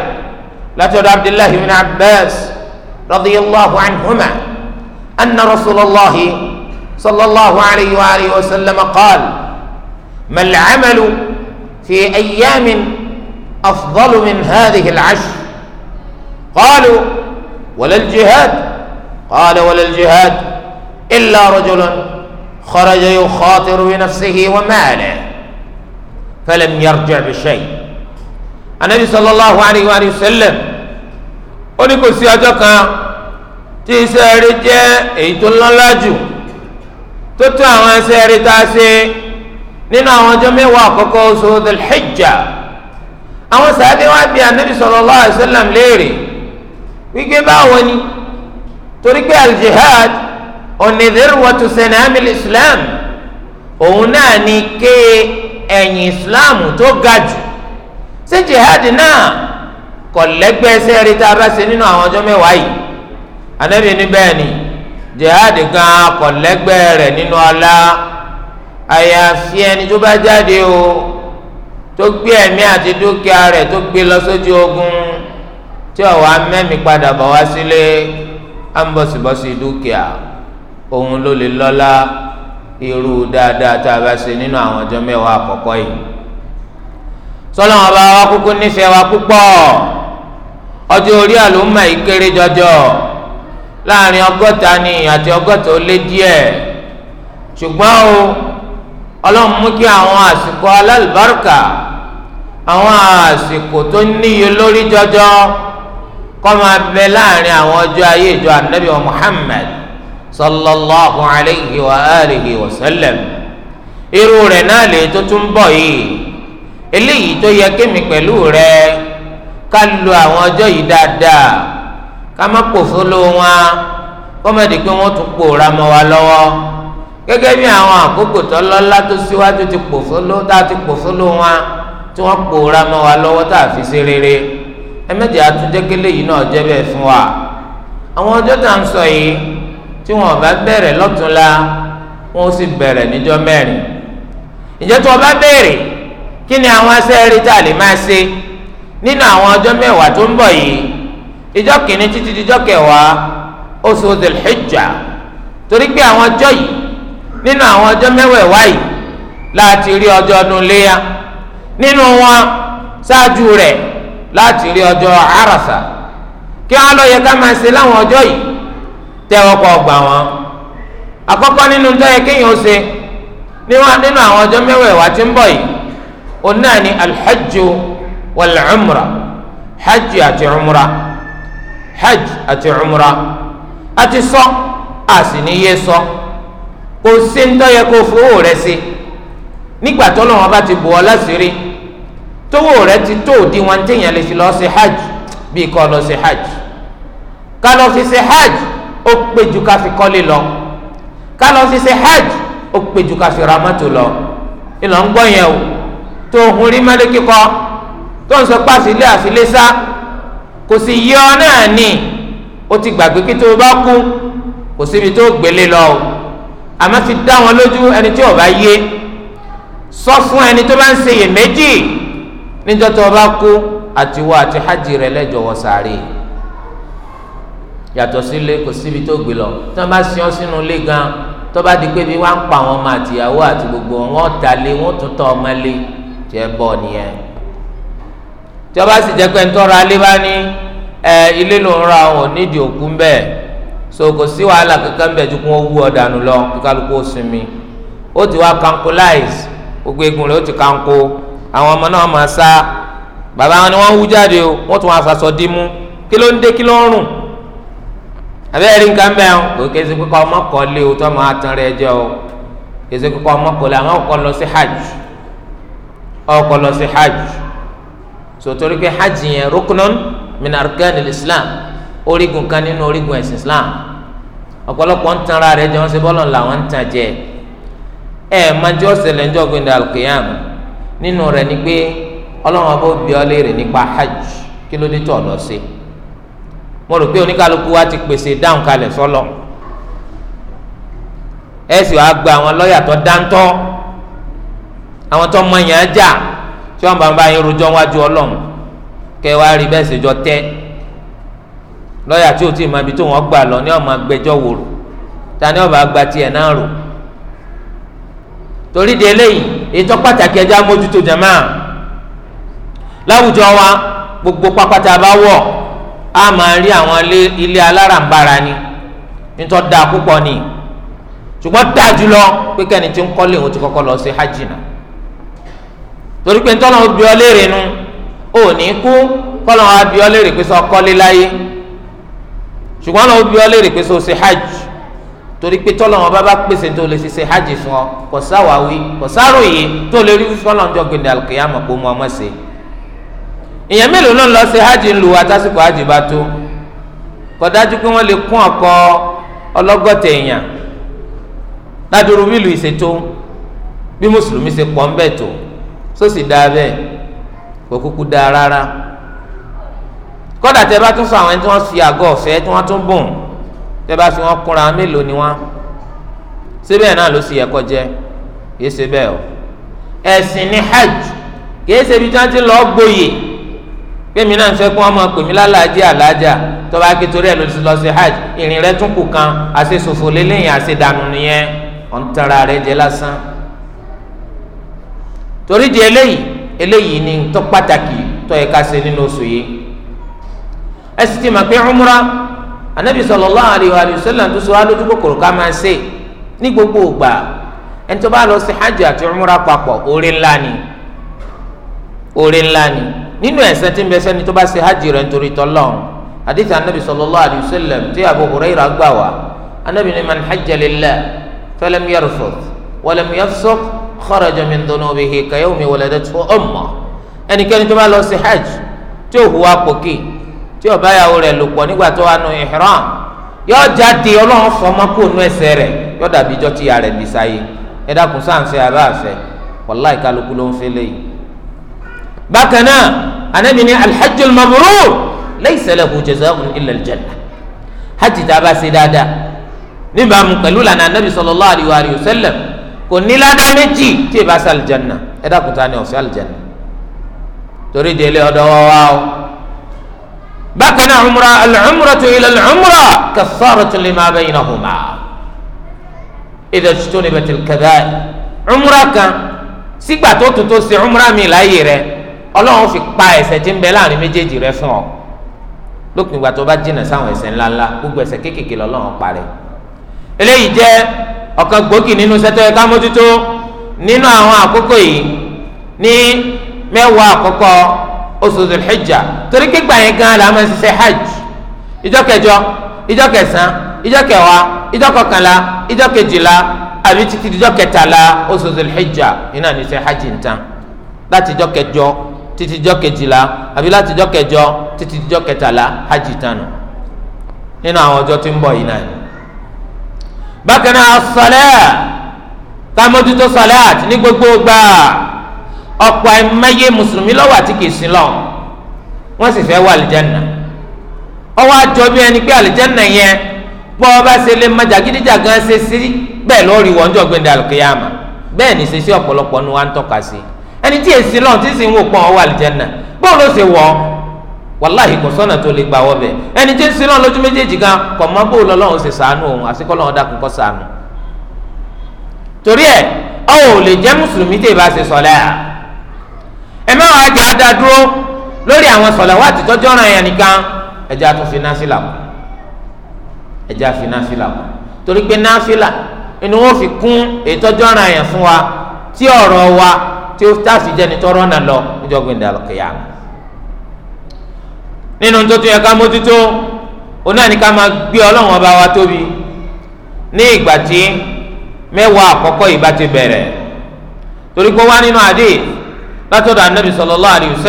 S1: látọ̀dọ̀ abdullahi bin abbas radiyallahu anhuma anna rasulallahi sallallahu alayhi wa alayhi wa sallam qaal mal camalu fi ayyamin afdalu min hadihi alcashr qalu wala aljihad qala wala aljihad illa rajulun. خرج يخاطر بنفسه وماله فلم يرجع بشيء النبي صلى الله عليه وآله وسلم ó ní kò sí ọjọ́ kan tí iṣẹ́ rere jẹ́ èyí tó lọ́lá jù tó tó àwọn iṣẹ́ rere tá a ṣe nínú àwọn ọjọ́ mẹ́wàá àkọ́kọ́ oṣù Dhul-Hijjah àwọn sàádé wá bi Ànábì sallallahu alaihi wasallam léèrè wípé báwo ni torí pé al-jihad onídìrúwọ̀tò sẹ̀nàmìl islam òun náà ni ké ẹ̀yìn islam tó ga jù ṣé jihad náà kò lẹ́gbẹ́sẹ̀ rí tá a bá ṣe nínú àwọn ọjọ́ mẹ́wàá yìí anábìyẹn ní bẹ́ẹ̀ ni jihad gan kò lẹ́gbẹ́ rẹ̀ nínú ọlá àyàfi ẹni tó bá jáde o tó gbé ẹ̀mí àti dúkìá rẹ̀ tó gbé lọ sójú ogun tí ó wá padà bọ̀ wá sílé á ń bọ̀sibọ̀si dúkìá òun ló lè lọ́lá irú dáadáa tá a bá ṣe nínú àwọn ọjọ́ mẹ́wàá àkọ́kọ́ yìí sọlọ́n ọba wa kúkú nífẹ̀ẹ́ wa púpọ̀ ọjọ́ orí àlùmọ̀ yìí kéré jọjọ láàrin ọgọ́ta ni àti ọgọ́ta ó lé díẹ̀ ṣùgbọ́n o ọlọ́run mú kí àwọn àsìkò alálùbáríkà àwọn àsìkò tó níye lórí jọjọ kó máa bẹ láàrin àwọn ọjọ́ ayé ìjọ ànábì wa صلى الله عليه وآله وسلم sallam irú rẹ̀ náà lè tó tún bọ̀ yìí eléyìí tó yẹ kémi pẹ̀lú rẹ̀ ká lo àwọn ọjọ́ yìí dáadáa ká má pòfolo wọn kọ́mẹ́dì pé wọ́n tún pòórá mọ́ wa lọ́wọ́ gẹ́gẹ́ bí àwọn àkókò tó lọ́lá tó síwájú ti pòfolo tá a ti pòfolo wọn tí wọ́n pòórá mọ́ wa lọ́wọ́ tá a fi ṣe rere ẹ̀mẹ́jẹ̀ àtúndékélé yìí náà jẹ́ bẹ́ẹ̀ fún wa àwọn ọjọ́ tá à ń sọ yìí tí wọn bá bẹ̀rẹ̀ lọ́túnla wọn ó sì bẹ̀rẹ̀ níjọ́ mẹ́rin ìjọ tí wọn bá bẹ̀rẹ̀ kí ni àwọn asẹ́rẹ́ tá a lè máa ṣe nínú àwọn ọjọ́ mẹ́wàá tó ń bọ̀ yìí ìjọ kìíní títí dijọ́ kẹwàá oṣù Dhul-Hijjah torí pé àwọn ọjọ́ yìí nínú àwọn ọjọ́ mẹ́wẹ̀ẹ̀wá yìí láti rí ọjọ́ ọdún léyà nínú wọn ṣáájú rẹ̀ láti rí ọjọ́ àràsà kí wọn lọ yẹ ká máa ṣe láwọn ọjọ́ yìí tẹ́wọ́ kọ́ gbà wọ́n àkọ́kọ́ nínú tó yẹ kéèyàn ó ṣe nínú àwọn ọjọ́ mẹ́wẹ̀ẹ̀wá tí ń bọ̀ yìí òun náà ni alhajju wal umra hajj àti umra hajj àti umra a ti sọ a sì ní yé sọ kò sí ń tó kó fowó rẹ̀ sí nígbà tó lọ́wọ́ bá ti bù ọ́ láṣìírí tówó rẹ̀ ti tó òdiwọ̀n téèyàn lè fi lọ́ọ́ ṣe hajj bí kò lọ́ọ́ ṣe hajj ká lọ́ọ́ fi ṣe hajj ó pé ju ká fi kọ́lé lọ ká lọ sí ṣe hajj ó pé ju ká fi ra mọ́tò lọ ìlọ ń gbọ́ yẹn o tó hun rí mẹ́lẹ́ kíkọ tó ń sọ pàṣílẹ̀ àfilẹ́sá kò sì yí ọ náà ní o ti gbàgbé kí tó o bá kú kò síbi tó gbélé lọ o àmọ́ fi dá wọn lójú ẹni tí ò bá yé sọ fún ẹni tó bá ń ṣe iyèméjì níjọ́ tó o bá kú àtiwọ́ àti hajj rẹ lẹ́jọ́ wọ sáré yìí yàtọ̀ sílé kò síbi tó gbé lọ tí wọ́n bá sin ọ́ sínú ilé gan tó bá di pé bí wọ́n á pa àwọn ọmọ àtìyàwó àti gbogbo wọn ta lé wọn tún tọ́ ọmọ lé tí ẹ nìyẹn tí wọ́n bá sì jẹ́ pé ntọ́ra alé bá ní ẹ ilé ló ra òun nídìí òkú ń so kò sí wàhálà kankan ń bẹ̀ ju wọ́n wú ọ̀dànù lọ kí kálukú ó sinmi ó ti wá kankulize gbogbo egun rẹ̀ ó ti kanko àwọn ọmọ náà máa sá bàbá wọn ni wọ́n wú jáde o wọ́n tún wọn àfàsọ abẹ́rẹ́ nǹkan bẹ́ẹ̀ o kò kése kíkọ́ ọmọkọ̀ lé o tó ọmọ atán rẹ jẹ o kése kíkọ́ ọmọkọ̀ lé àwọn ọkọ̀ lọ sí hajj ọkọ̀ lọ sí hajj sotori pé hajj yẹn rukunan min arkanil islam orígun kan nínú orígun ẹ̀sìn islam ọ̀pọ̀lọpọ̀ ń tanra rẹ jẹ wọ́n ṣe bọ́lọ̀ làwọn ń tàn jẹ ẹ mọ̀jọ́ ọ̀sẹ̀lẹ̀ ńjọ́ gbẹ̀ndà alqiyam nínú rẹ̀ ni pé ọlọ́run ọba ó bi nípa hajj kí ló dé tó ọ̀ lọ sí i mo rò pé oníkálukú wa ti pèsè dáhùn kalẹ̀ sọ́lọ̀ ẹ sì wá gba àwọn lọ́ọ̀yà tó dáńtọ́ àwọn tó mọ yẹn jà tí wọ́n bá yín rojọ́ wájú ọlọ́run kẹ́ wá rí bẹ́ẹ̀ ṣèjọ tẹ́ lọ́ọ̀yà tí ò tí ì máa bi tó wọ́n gbà lọ ní ọ̀ma gbẹjọ́ wòrò tani ọba gba tiẹ̀ náà rò torí de eléyìí ètò pàtàkì ẹja mójútó jama láwùjọ wa gbogbo pápátá bá wọ̀ a máa rí àwọn ilé alárànbarà ni nítorí dáa púpọ̀ ni ṣùgbọ́n dáa jùlọ pé kẹ́ni tí ń kọ́lé òun ti kọ́kọ́ lọ sí hajj náà torí pé ntọ́nà obì ọ léèrè nu ò ní kú kọ́nà abì ọ léèrè pé sọ kọ́lé láyé ṣùgbọ́n náà obì ọ léèrè pé sọ ṣe hajj torí pé tọ́lọ̀ wọn bá bá pèsè tó lè ṣiṣẹ́ hajj fún ọ kò sáwàwí kò sáròyé tó lè rí fún ọlọ́njọ́ gbẹ̀dẹ̀ àlùkìyàmọ̀ kó mu ọmọ ṣe èèyàn mélòó ló ń lọ sí hajj ń lu atásìkò hajj bá tó kọdájú pé wọ́n lè kún ọ̀kọ́ ọlọ́gọ́tẹ̀ èèyàn ládùúrú bílù ìṣètò bí mùsùlùmí ṣe pọ̀ ń bẹ̀ tó sósì dáa bẹ́ẹ̀ kò kúkú dáa rárá kọ́dà tẹ́ bá tún sọ àwọn ẹni tí wọ́n fi àgọ́ ọ̀fẹ́ tí wọ́n tún bùn tẹ́ bá fi wọ́n kúnra mélòó ni wọ́n síbẹ̀ náà ló sì yẹ kọ́ kìí ṣe bẹ́ẹ̀ o ẹ̀sìn ni hajj kìí ṣe ibi tí wọ́n ti lọ́ọ́ gboyè kémi náà ń sẹ́ kí wọ́n máa pè mí lálàájì àlàájà tó bá ké torí ẹ̀ ló ti lọ sí hajj ìrìn rẹ tún kù kan àṣesòfò lélẹ́yìn àṣedànù nìyẹn ọ̀n tara rẹ jẹ lásán. torí di eléyìí eléyìí ni tó pàtàkì tó yẹ ká ṣe nínú oṣù yìí. ẹ sì ti mọ̀ pé umra anabi sallallahu alaihi wa sallam tó sọ wá lójú kòkòrò ká máa ṣe ní gbogbo ìgbà ẹni tó bá lọ sí hajj àti umra papọ̀ oore ńlá ni oore ńlá ni nínú ẹ̀ṣẹ̀ tí ń bẹ sẹ́ni tó bá ṣe hajj rẹ̀ nítorí tọ́lọ́run hadith anabi sallallahu alayhi wa sallam tí abu huraira gbà wá anabi ni man hajja lillah falam yarfuth walam yafsuq kharaja min dunubihi kayawmi waladathu umma ẹnikẹ́ni tó bá lọ ṣe hajj tí ò hùwà pòkì tí ò bá yàwó rẹ̀ lò pọ̀ nígbà tó wà nù ihram yóò jáde ọlọ́run fọmọ kó nu ẹ̀ṣẹ̀ rẹ̀ yóò dàbí ijọ́ tí yàrá ẹ̀ bí sáyé ẹ dákun sáà ń ló ń fẹ́ lẹ́yìn bákan náà anabi ní alhajjul mabrur laysa lahu jazaa'un illa aljanna hajj tá a bá ṣe dáadáa níbàámu pẹ̀lú lànà anabi sallallahu alayhi wa sallam kò ní ládàá méjì tí ì bá ṣe aljanna ẹ dákun ta ni ọ̀sẹ̀ aljanna torí délé ọ̀dọ̀ wá wá o bákan náà umra al-umratu ila al-umra kafaratu lima baynahuma idha ijtunibatil kaba'ir umra kan sígbà tó tuntun sí umra mi láàyè rẹ̀ ọlọ́run fi pa ẹ̀ṣẹ̀ tí ń bẹ láàrin méjèèjì rẹ fún ọ lópin ìgbà tó bá jìnnà sáwọn ẹ̀ṣẹ̀ ńláńlá gbogbo ẹ̀ṣẹ̀ kéékèèké lọ́lọ́run parẹ́ eléyìí jẹ́ ọ̀kan gbòógì nínú sẹ́tọ́ ẹ̀ká mójútó nínú àwọn àkókò yìí ní mẹ́wàá àkọ́kọ́ oṣù zulhijja torí kígbà yẹn gan la máa ń ṣiṣẹ́ hajj ìjọ kẹjọ ìjọ kẹsàn ìjọ kẹwàá ìjọ kọkànlá ìjọ kejìlá àbí títí ìjọ kẹtàlá oṣù zulhijja iná ni ṣe hajj ń tán láti ìjọ kẹjọ títí jọ́ kejìlá àbí láti jọ́ kẹjọ títí jọ́ kẹtàlá hajj tánu nínú àwọn ọjọ́ tí ń bọ̀ yìí náà bákan náà sọlẹ́ kámọ́tútó sọlẹ́ ní gbogbo gbà ọ̀pọ̀ ẹ̀mẹ́yẹ mùsùlùmí lọ́wọ́ àti kìí sin lọ́wọ́ wọ́n sì fẹ́ wà àlìjẹ́nà ọwọ́ àjọ bí ẹni pé àlìjẹ́nà yẹn bọ́ ọba ṣe lè má jàgídíjàgan ṣe sí bẹ́ẹ̀ lọ́ọ́ rí wọ́n jọ gbẹ̀dẹ̀ àlùkìyàmà bẹ́ẹ̀ ni ṣe sí ọ̀pọ̀lọpọ̀ nu wa ń tọ́ka sí i ẹni tí èsì lọ́n tí sì ń wò pọ́n ọwọ́ àlìjẹ́nà bóun ló ṣe wọ̀ ọ́ wàláhì kò sọ́nà tó lè gbà wọ́ bẹ̀ ẹni tí ń sin lọ́n lójú méjèèjì gan kò mọ bóun lọ́lọ́run ṣe sàánú òun àsìkò lọ́run dákun kọ́ sàánú. torí ẹ ọ ò lè jẹ́ mùsùlùmí tè bá ṣe sọ̀lẹ́ à ẹ má wàá jẹ́ adá dúró lórí àwọn sọ̀lẹ́ wà tí tọ́jú ọ̀ràn yẹn nìkan ẹja tún fi násìlà kù ẹja fi násìlà kù torí pé násìlà inú wọn fi kún ètò ọjọ́ fún wa tí ọ̀rọ̀ wa tí ó tá a sì tọrọ náà lọ níjọ́ gbẹndẹ àlọkẹyà nínú tó tún yẹ ká mójútó òun náà ní ká máa gbé ọlọ́run ọba wa tóbi ní ìgbà tí mẹ́wàá àkọ́kọ́ ti bẹ̀rẹ̀ torí pé wá nínú àdéhì látọ̀dọ̀ anabi sallallahu alayhi wa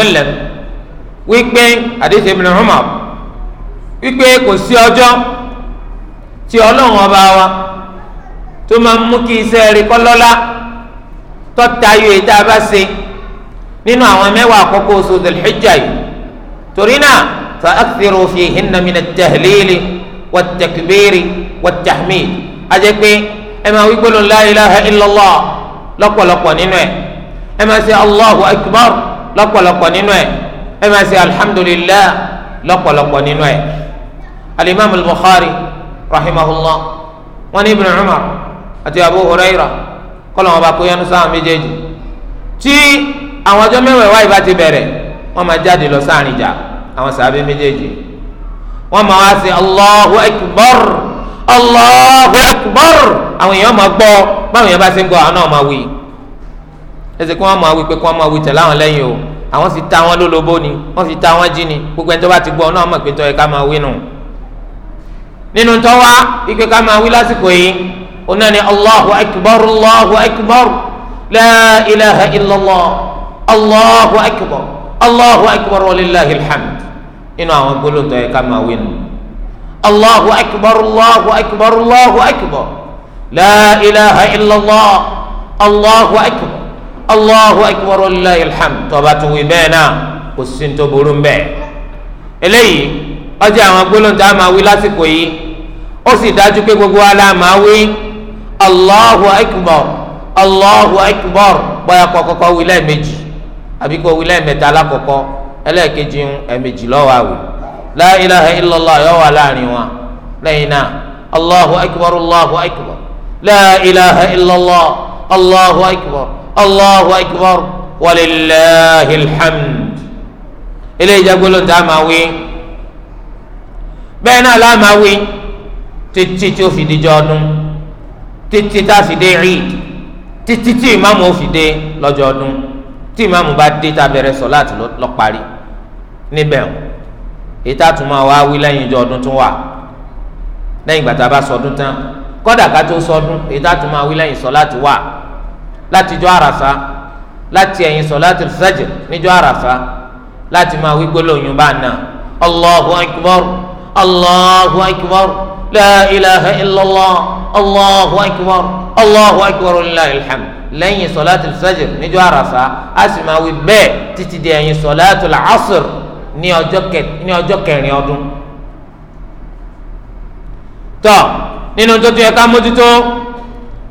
S1: wípé àdéhì ibn wípé kò sí ọjọ́ tí ọlọ́run ọba wa tọ́ta ayọ̀ ètò abáṣe nínú àwọn mẹ́wàá àkọ́kọ́ oṣù Dhul-Hijjah yìí torí náà fa akthiru fihinna mina at-tahlili wat-takbiri wat-tahmid ajẹ́ pé ẹ máa wí gbólóhùn la ilaha illallah lọ́pọ̀lọpọ̀ nínú ẹ̀ ẹ máa ṣe allahu akbar lọ́pọ̀lọpọ̀ nínú ẹ̀ ẹ máa ṣe alhamdulillah lọ́pọ̀lọpọ̀ nínú ẹ̀ alimami al-Bukhari rahimahullah wọ́n ibn Umar àti abu hurairah kọ́lọ̀ wọn bá kó yánu sáwọn méjèèjì tí àwọn ọjọ́ mẹ́wẹ̀ẹ́ wáyé bá ti bẹ̀rẹ̀ wọ́n máa jáde lọ sáàrin ìjà àwọn sàbẹ̀ méjèèjì wọ́n máa wá sí Allahu Akbar Allahu Akbar àwọn èèyàn máa gbọ́ báwọn èèyàn bá ti ń gbọ́ àwọn náà máa wí ẹsẹ̀ kí wọ́n máa wí pé kí wọ́n máa wí tẹ̀lé àwọn lẹ́yìn o àwọn sì ta wọn lólobó ni wọ́n sì ta wọn jí ni gbogbo ẹni tó bá ti gbọ́ náà mọ̀ pé tó yẹ ká máa wí nù nínú tó ikú ká máa wí lásìkò yìí onani allahu akbar allahu akbar la ilaha illallah allahu akbar allahu akbar walillahi alhamd inú àwọn gbólóńtọ̀ yẹ ká máa wí nù allahu akbar allahu akbar allahu akbar la ilaha illallah allahu akbar allahu akbar walillahi alhamd tọba tó wí bẹ́ẹ̀ náà kò sí ní tó burú bẹ́ẹ̀ eléyìí ọjà àwọn gbólóńtọ̀ á máa wí lásìkò yìí gbogbo wa la máa allahu akbar allahu akbar bóyá kọ́kọ́kọ́ wí lẹ́ẹ̀mejì àbí kó wí lẹ́ẹ̀mẹ́ta alákọ̀ọ́kọ́ ẹlẹ́ẹ̀kejì ń ẹ̀mejì lọ́wọ́ àwẹ̀ la ilaha illallah yọ wà láàrin wọn lẹ́yìn náà allahu akbar allahu akbar la ilaha illallah allahu akbar allahu akbar walillahi alhamd eléyìí jagbolo ta máa wí bẹ́ẹ̀ náà láà máa wí títí tí ó fi dijọ́ ọdún títí tá a sì dé Eid títí tí ìmáàmù ó fi dé lọ́jọ́ ọdún tí ìmáàmù bá dé tá a bẹ̀rẹ̀ sọ láti lọ parí níbẹ̀ o ètò àtúmọ̀ wa wí lẹ́yìn ọjọ́ ọdún tún wà lẹ́yìn ìgbà tá a bá sọdún tán kọ́dà ká tó sọdún ètò àtúmọ̀ wí lẹ́yìn sọ láti wà láti jọ àràfà láti ẹ̀yìn sọ láti fẹ́jẹ̀ níjọ àràfà láti máa wí gbólóyún bá náà Allahu akbar Allahu akbar la ilaha illallah allahu akbar allahu akbar lillahi alhamd lẹ́yìn sọláàtì fajr níjọ́ àràsà a sì máa wí bẹ́ẹ̀ títí di ẹ̀yìn sọláàtì asr ní ọjọ́ kẹrin ọdún. tọ́ nínú tó tún yẹ ká mójútó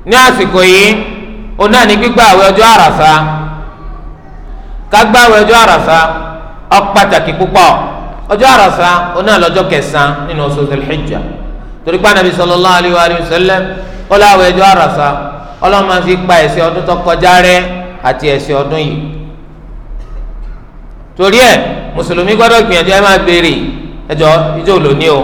S1: ní àsìkò yìí òun náà ní gbígbà àwẹ̀ ọjọ́ àràsà ká gbà àwẹ̀ ọjọ́ àràsà pàtàkì púpọ̀ ọjọ́ àràsà òun náà lọ́jọ́ kẹsàn-án nínú oṣù Dhul torí pé anabi sallallahu alayhi wa sallam ọlọ́wọ́ ẹjọ́ àràsà ọlọ́wọ́ máa fi pa ẹ̀ṣẹ̀ ọdún tó kọjá rẹ́ àti ẹ̀ṣẹ̀ ọdún yìí torí ẹ̀ mùsùlùmí gbọ́dọ̀ gbìyànjú ẹ máa béèrè ẹjọ́ ìjọ òlòní o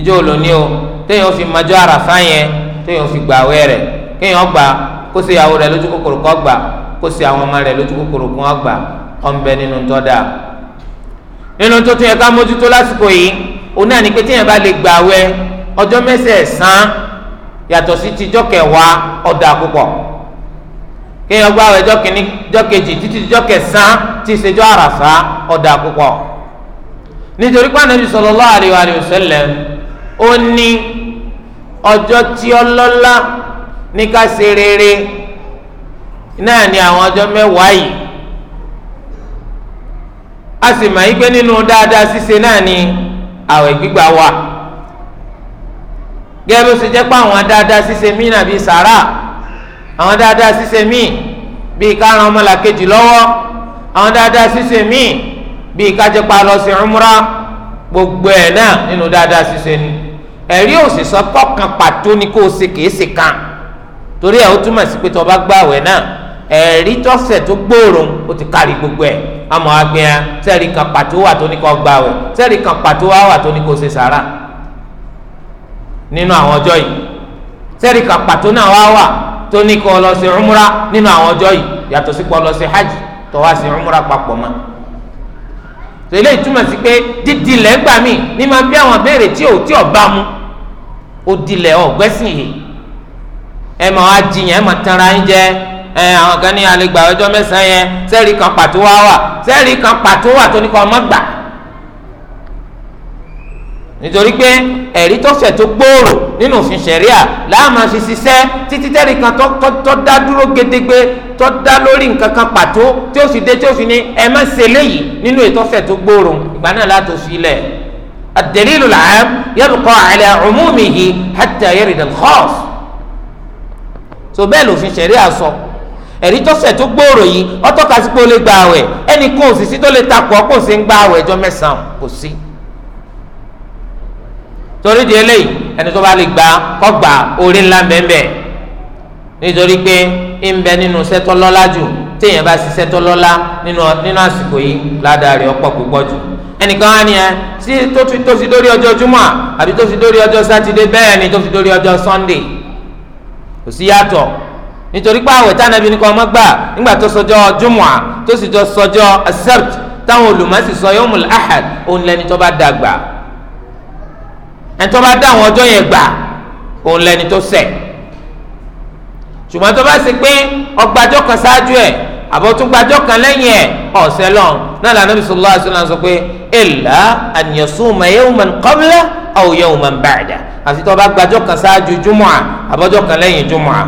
S1: ìjọ òlòní o téèyàn fi májọ́ àràsà yẹn téèyàn fi gbà wẹ́ rẹ̀ kéèyàn gbà kó ṣe ìyàwó rẹ̀ lójú kòkòrò kó gbà kó ṣe àwọn ọmọ rẹ̀ lójú kòkòrò kó gbà ọ̀nbẹ nínú tó dáa nínú tó tún yẹ ká mójútó lásìkò yìí òun náà ní pé téèyàn bá lè gbà wẹ́ ọjọ́ mẹ́sẹ̀ẹ̀sán yàtọ̀ sí tijọ́ kẹwàá ọ̀dà púpọ̀ kéèyàn gbààwẹ̀ ọjọ́ kìíní kejì títí ọjọ́ kẹsàn-án tí ìṣèjọ́ àràfà ọ̀dà púpọ̀ nítorí sọlọ ó ní ọjọ́ tí ọlọ́lá ní ká ni àwọn ọjọ́ mẹ́wàá yìí a sì yí pé nínú dáadáa ṣíṣe náà ni àwẹ̀ gbígbà wà. gẹ́gẹ́ bó ṣe jẹ́ pé àwọn dáadáa ṣíṣe míì nàbí sàrà àwọn dáadáa ṣíṣe míì bíi kárán ọmọlàkejì lọ́wọ́ àwọn dáadáa ṣíṣe míì bíi kájọpá lọ sí umra gbogbo ẹ̀ náà nínú dáadáa ṣíṣe ni ẹ̀rí òṣìṣẹ́ kọ̀ọ̀kan pàtó ni kó o ṣe kìí ṣe kan torí ẹ̀ ó túmọ̀ sí pé tó o bá gbààwẹ̀ náà ẹ̀rí tọ́sẹ̀ tó gbòòrò ó ti kárí gbogbo ẹ̀ àmọ́ agbẹ́yà sẹ́ẹ̀rí kan pàtó wà tó ní kó gbààwẹ̀ sẹ́ẹ̀rí kan pàtó wà tó ní kó ṣe sàrà. nínú àwọn ọjọ́ yìí sẹ́ẹ̀rì kan pàtó náà wá wà tó ní kó lọ sí umra nínú àwọn ọjọ́ yìí yàtọ̀ sí kó lọ sí hajj tó wá sí umra papọ̀ mọ́ tó ìtumọ̀ sí pé dídì lẹ́gbàá mi ní máa bí àwọn béèrè tí ò tí ò bá mu ó dilẹ̀ ọ̀gbẹ́sìn yìí ẹ máa wá jiyàn ẹ máa tanra yín jẹ ẹ àwọn kan ní alẹ́ gbà ọjọ́ mẹ́sàn-án yẹn sẹ́ẹ̀rì kan pàtó wá wà sẹ́ẹ̀rì kan pàtó wà tó ní kó ọmọ gbà nítorí pé ẹ̀rí tọ́sẹ̀ tó gbòòrò nínú òfin ṣẹ̀ríà láàmà ṣe ṣiṣẹ́ títí tẹ́rì kan tó dá dúró gedegbe tó dá lórí nǹkan kan pàtó tí ó sì dé tí ó fi ní ẹ má ṣe léyìí nínú ìtọ́sẹ̀ tó gbòòrò ìgbà náà látò sílẹ̀. الدليل العام يبقى على عمومه حتى يرد الخاص so bẹ́ẹ̀ lòfin ṣẹ̀ríà sọ ẹ̀rí tọ́sẹ̀ tó gbòòrò yìí ó tọ́ka sí pé ó lè gba àwẹ̀ ẹnì kan òsì sí tó lè takò ọ́ kò sí ń gba àwẹ̀ ẹjọ́ mẹ́sàn-án kò sí torí di eléyìí ẹni tó bá lè gbà kọ́ gbà orí ńlá bẹ́ẹ̀ nítorí pé ń bẹ nínú sẹ́tọ́ lọ́lá jù téèyàn bá ṣiṣẹ́ tó lọ́lá nínú nínú àsìkò yìí ládàá rẹ̀ ọ̀pọ̀ púpọ̀ jù ẹnìkan wá ní ẹ sí tó fi dórí ọjọ́ júmọ̀ àbí tó fi dórí ọjọ́ sátidé bẹ́ẹ̀ ni tó fi dórí ọjọ́ sunday kò sí yàtọ̀ nítorí pé àwẹ̀ tí Ànábì ní kó má gbà nígbà tó sọjọ́ júmọ̀ tó sì jọ sọjọ́ accept táwọn olùmọ̀sí sọ yawmul ahad òun lẹni tó bá dàgbà ẹni tó bá dá àwọn ọjọ́ yẹn gbà òun lẹni tó ṣẹ̀ ṣùgbọ́n tó bá ṣe pé ọgbàjọ́ kan ṣáájú ẹ̀ àbọ̀túngbàjọ́ kan lẹ́yìn ẹ̀ ọ̀sẹ̀ lọ́n náà lànà bí sọlá àṣẹ náà sọ pé illa an yasuma yawman qabla aw yawman ba'da àti tó bá gbàjọ́ kan ṣáájú júmọ̀ àbọ̀jọ́ kan lẹ́yìn júmọ̀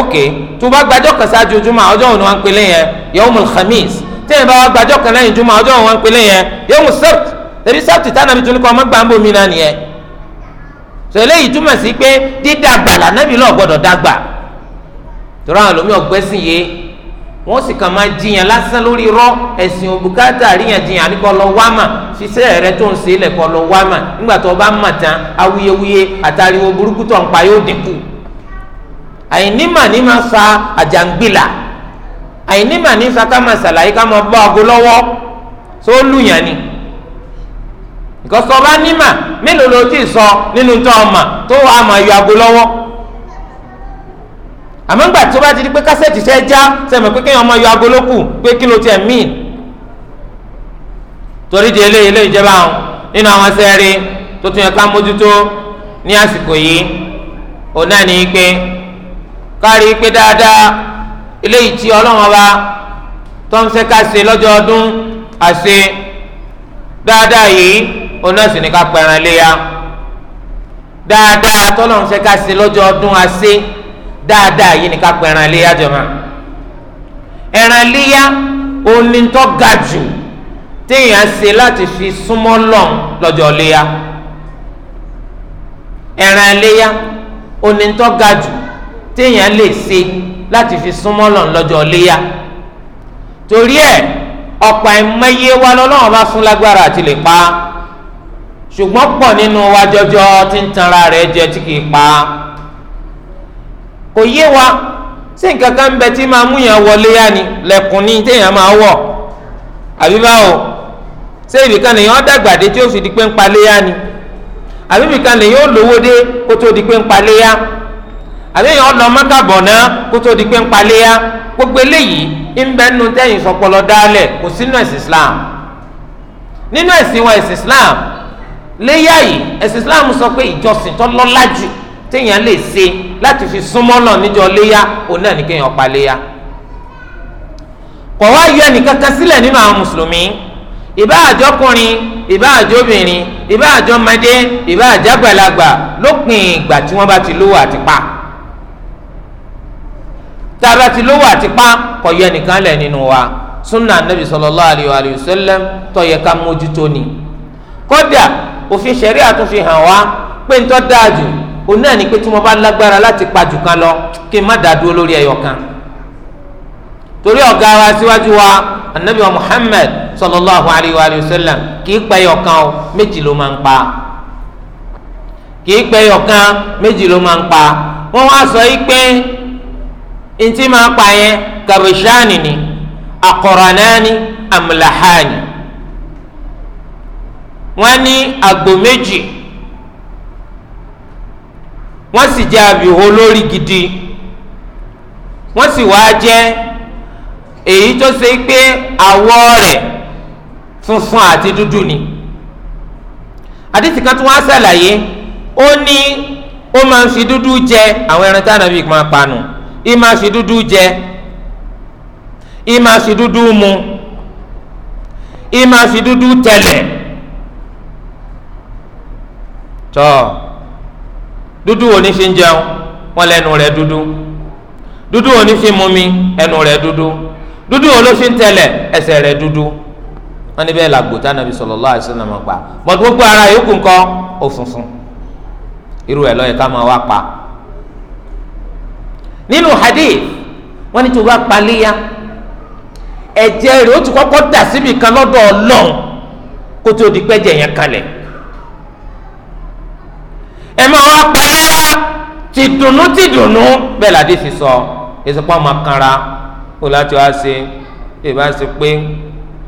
S1: ok tó bá gbàjọ́ kan ṣáájú júmọ̀ ọjọ́ òun ni wọ́n pè lẹ́yìn yawmul khamis tẹ́yìn bá wá gbàjọ́ kan lẹ́yìn júmọ̀ ọjọ́ òun wọ́n pè lẹ́yìn yawmus sabt tẹ̀lé yìí túmọ̀ sí pé dídàgbà lànàbí lọ́ọ̀ gbọ́dọ̀ dàgbà tọ́ra àwọn lómi ọ̀gbẹ́sìn yé wọ́n sì kàn máa jiyàn lásán lórí rọ́ ẹ̀sìn òbúkátà àríyànjiyàn àníkọ́ lọ wá mà ṣiṣẹ́ rẹ tó ń ṣe é lẹ̀kọ́ lọ wá mà nígbà tó bá mà tán awuyewuye àtàriwo burúkú tó ń pa yóò dínkù àìnímà máa fa àjàngbìlà fa ká máa ṣàlàyé ká máa lọ́wọ́ tó lùyàn ni. ìkọsọ bá nímà mélòó ló ti sọ nínú tó ọmọ tó wà mà yọ ago lọ́wọ́ àmọ́ ńgbà tó bá ti di pé kásẹ̀tì fẹ́ já sẹ́mi pé kéèyàn ọmọ yọ ago ló kù pé kí ló tiẹ̀ mí torí di eléyìí eléyìí jẹba àwọn nínú àwọn sẹ́ẹ̀rí tó tún yẹ ká mójútó ní àsìkò yìí òun náà ní pé kárí pé dáadáa eléyìí tí ọlọ́run ọba tó ń fẹ́ ká ṣe lọ́jọ́ ọdún àṣe dáadáa yìí onásì ní ká pẹran léya dáadáa tọ́lọ́run ṣe ká ṣe lọ́jọ́ ọdún àṣẹ dáadáa yìí ní ká pẹran léya jọ̀mọ́ ẹran léya onítọ́ ga jù téèyàn ṣe láti fi súnmọ́ lọ́n lọ́jọ́ léya ẹran léya onítọ́ ga jù téèyàn lè ṣe láti fi súnmọ́ lọ́n lọ́jọ́ léya torí ẹ̀ ọ̀pọ̀ ẹ̀mẹ́yẹ wa lọ́lọ́run bá fún lágbára àti lè pa á ṣùgbọ́n pọ̀ nínú wa jọjọ tí ń tanra rẹ̀ jẹ tí wa sí nǹkan kan bẹ tí máa mú yàn wọlé yá ni lẹ́kùn ní téèyàn máa wọ̀ àbí báwo ṣé ibìkan lèyàn dàgbà dé tí ó di pé ń leya ni àbí ibìkan lèyàn ó lówó dé di pé ń leya. yá àbí èèyàn lọ mọ́kàbọ̀ náà kó di pé ń leya. yá gbogbo eléyìí ń bẹ nínú tẹ́yìn sọpọlọ dálẹ̀ kò sínú ẹ̀sìn Islam nínú ẹ̀sìn ẹ̀sìn léyà yìí ẹ̀sìn islam sọ pé ìjọsìn tó lọ́lá jù téèyàn lè ṣe láti fi súnmọ́ náà níjọ léyà òun náà ní kéèyàn pa léyà. kọ̀ wá yọ ẹnìkankan sílẹ̀ nínú àwọn mùsùlùmí ìbá àjọkùnrin ìbá àjọbìnrin ìbá àjọmọdé ìbá àjàgbàlagbà lópin ìgbà tí wọ́n bá ti lówó àti pa tá a bá ti lówó àti pa kọ̀ yọ ẹnìkan lẹ̀ nínú wa sunna anabi sallallahu alayhi wa sallam tó yẹ ká mójútó ni kódà òfin ṣẹ̀rí àtúnfi hàn wá pé ń tọ́ dáa jù òun náà ni pé tí mo bá lágbára láti pa jù kan lọ kí n má dá dúró lórí ẹyọ kan torí ọ̀gá wa síwájú wa anabi wa muhammed sallallahu alayhi wa sallam kì í pa ẹyọ kan o méjì ló máa ń pa kì pa ẹyọ kan méjì ló máa ń pa wọ́n wá sọ yìí pé ntí máa pa yẹn kàbíṣáàni ni àkọ̀rànáni àmàlàhàni wọ́n ní àgbò méjì wọ́n sì jẹ́ àbíhó lórí gidi wọ́n sì wá jẹ́ èyí tó ṣe pé àwọ̀ rẹ̀ funfun àti dúdú ni àdìsí kan tí wọ́n á ṣàlàyé ó ní ó máa ń fi dúdú jẹ àwọn ẹran tí Ànábì máa panu í máa fi dúdú jẹ í máa fi dúdú mu í máa fi dúdú tẹ̀lẹ̀. tọ́ dudu wo ni fi ń jẹun wọ́n lẹ́nu rẹ dudu wo ni fi mu mi ẹnu rẹ dudu dudu wo ló fi ń ẹsẹ rẹ dudu dúdú wọ́n ní bẹ́ẹ̀ làgbò nàbí sallallahu pa gbogbo ara yòókù ńkọ́ ó funfun irú ẹ̀ lọ́yẹ̀ ká máa wá pa nínú hadith bá ti dà síbi kan eme máa wá ti dùnú ti dùnú bẹ́ẹ̀ làdí sọ máa kanra láti wá ṣe ṣe pé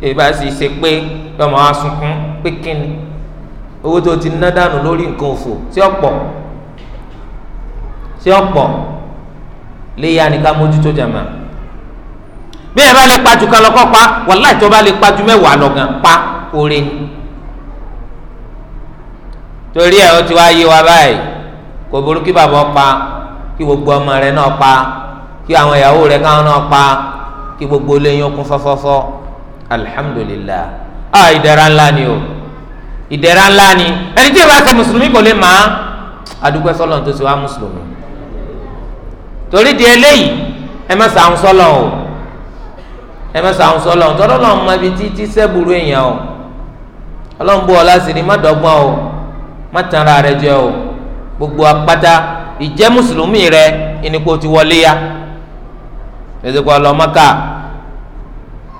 S1: èbá sì ṣe pé sunkún pé kíni owó tó ti ná dànù lórí nǹkan òfò sí ọ̀pọ̀ sí ọ̀pọ̀ ni ká mójútó jàmá bí ẹ bá lè pa jù kan lọ pa bá lè pa jù mẹ́wàá lọ́gàn pa torí ẹ̀ ó ti wá yé wa báyìí kò burú kí bàbá pa kí gbogbo ọmọ rẹ̀ náà pa kí àwọn ìyàwó rẹ̀ káwọn náà pa kí gbogbo lẹ́yìn okun fọfọfọ alhamdulillah a ìdẹ̀ra ńlá ni o ìdẹ̀ra ńlá ni ẹni tí ìbá ṣe mùsùlùmí kò lè mà á adúgbò sọlọ tó ṣe wá mùsùlùmí torí di eléyìí ẹ má sàún sọlọ o ẹ má sàún sọlọ tọ́lọ́ lọ́n ibi títí sẹ́bùrú èèyàn o ọlọ́run bú ọ má dọ́gbọ́n o má tan ara rẹ jẹ o gbogbo apáta ìjẹ́ mùsùlùmí rẹ ìnípo ti wọlé ya ezekwa ọlọmọka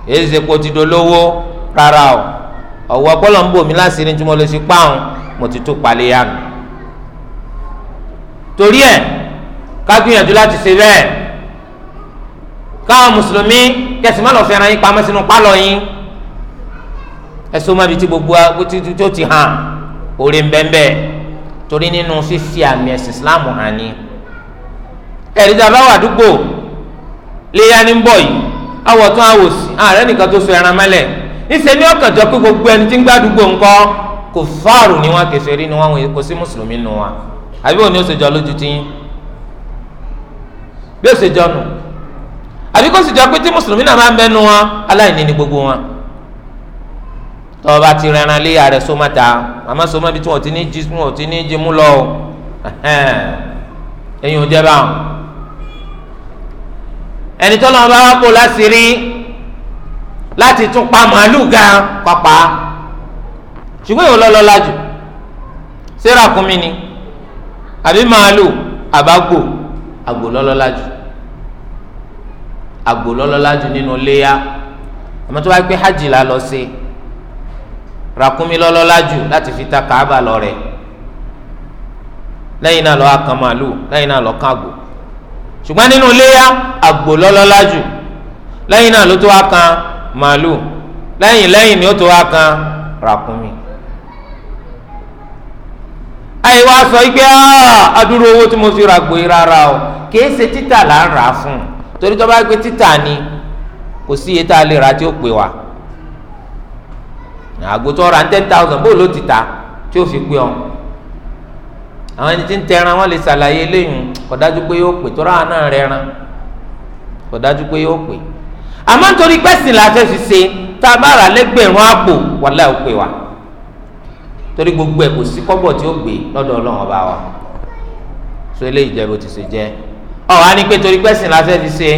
S1: ezekwa ti dolówó rárá o ọwọ́ ọpọlọ ń bò mí láṣìírí tí mo lè ṣe páàrùn mo ti tó palẹ̀ yá nù torí ẹ̀ ká gbìyànjú láti ṣe bẹ́ẹ̀ káwọn mùsùlùmí kẹsì má lọ fẹ́ràn yín pamọ́ sínú pálọ̀ yín ẹ̀sùn má bi ti gbogbo tí ó ti hàn. orí ń bẹ́ẹ̀ torí nínú fífi àmì ẹ̀sìn islam hàn ní. ẹ̀rí bá wà àdúgbò léyà ní bọ̀ yìí awọ̀ tún awò sí ààrẹ nìkan tó so ẹran mẹ́lẹ̀ níṣẹ́ ní ọkàn jọ pé gbogbo ẹni tí ń gbàdúgbò ńkọ́ kò fáàrù ni wọn ni wọn kò sí ti yín bí òṣèjọ nù àbí kò sì jọ pé tí mùsùlùmí náà máa ń wọn ni gbogbo wọn. tọ́ ọba ti rẹran lé ààrẹ sọmọta àmọ́ sọmọ ibi tí wọ́n ti ní jí wọ́n ti ní jí mú lọ o ẹ̀yin ò jẹ́ ẹni ọba wa kó láṣìírí láti tún pa màálù gan pápá ṣùgbọ́n lọ́lọ́ lájú sẹ́rà ni àbí màálù àbágbò àgbò lọ́lọ́ lájú àgbò lọ́lọ́ lájú nínú léyà Rakumi lọ́lọ́lá jù láti fi ta kàába lọ rẹ̀ lẹ́yìn náà lọ́ọ́ kan màálù lẹ́yìn náà lọ́ọ́ kan àgbò ṣùgbọ́n nínú iléyà àgbò lọ́lọ́lá jù lẹ́yìn náà ló tó wá kan màálù lẹ́yìn lẹ́yìn ni ó tó wá kan ràkúnmí. àyè wá sọ pé ah, adúrú owó tí mo fi ràgbò yìí rárá o kìí ṣe títà là ń rà fún un torí tó bá gbé títà ni kò sí iye tá a lè rà tí ó pè wá àgùtọ́ ra ten thousand bó ló ti ta tí ó fi gbé ọ àwọn ẹni tí ń tẹran wọn lè ṣàlàyé eléyìí kò dájú pé yóò pè tọ́ra náà rẹran kò dájú pé yóò pè àmọ́ nítorí pẹ́sìn la fẹ́ fi ṣe tá a bá rà lẹ́gbẹ̀rún àpò wàlá ò pè wá torí gbogbo ẹ̀ kò sí kọ́bọ̀ tí ó gbé lọ́dọ̀ ọlọ́run ọba wa so eléyìí jẹ́ bó ti ṣe jẹ́ ọ̀ wá ní pé torí pẹ́sìn la fẹ́ fi ṣe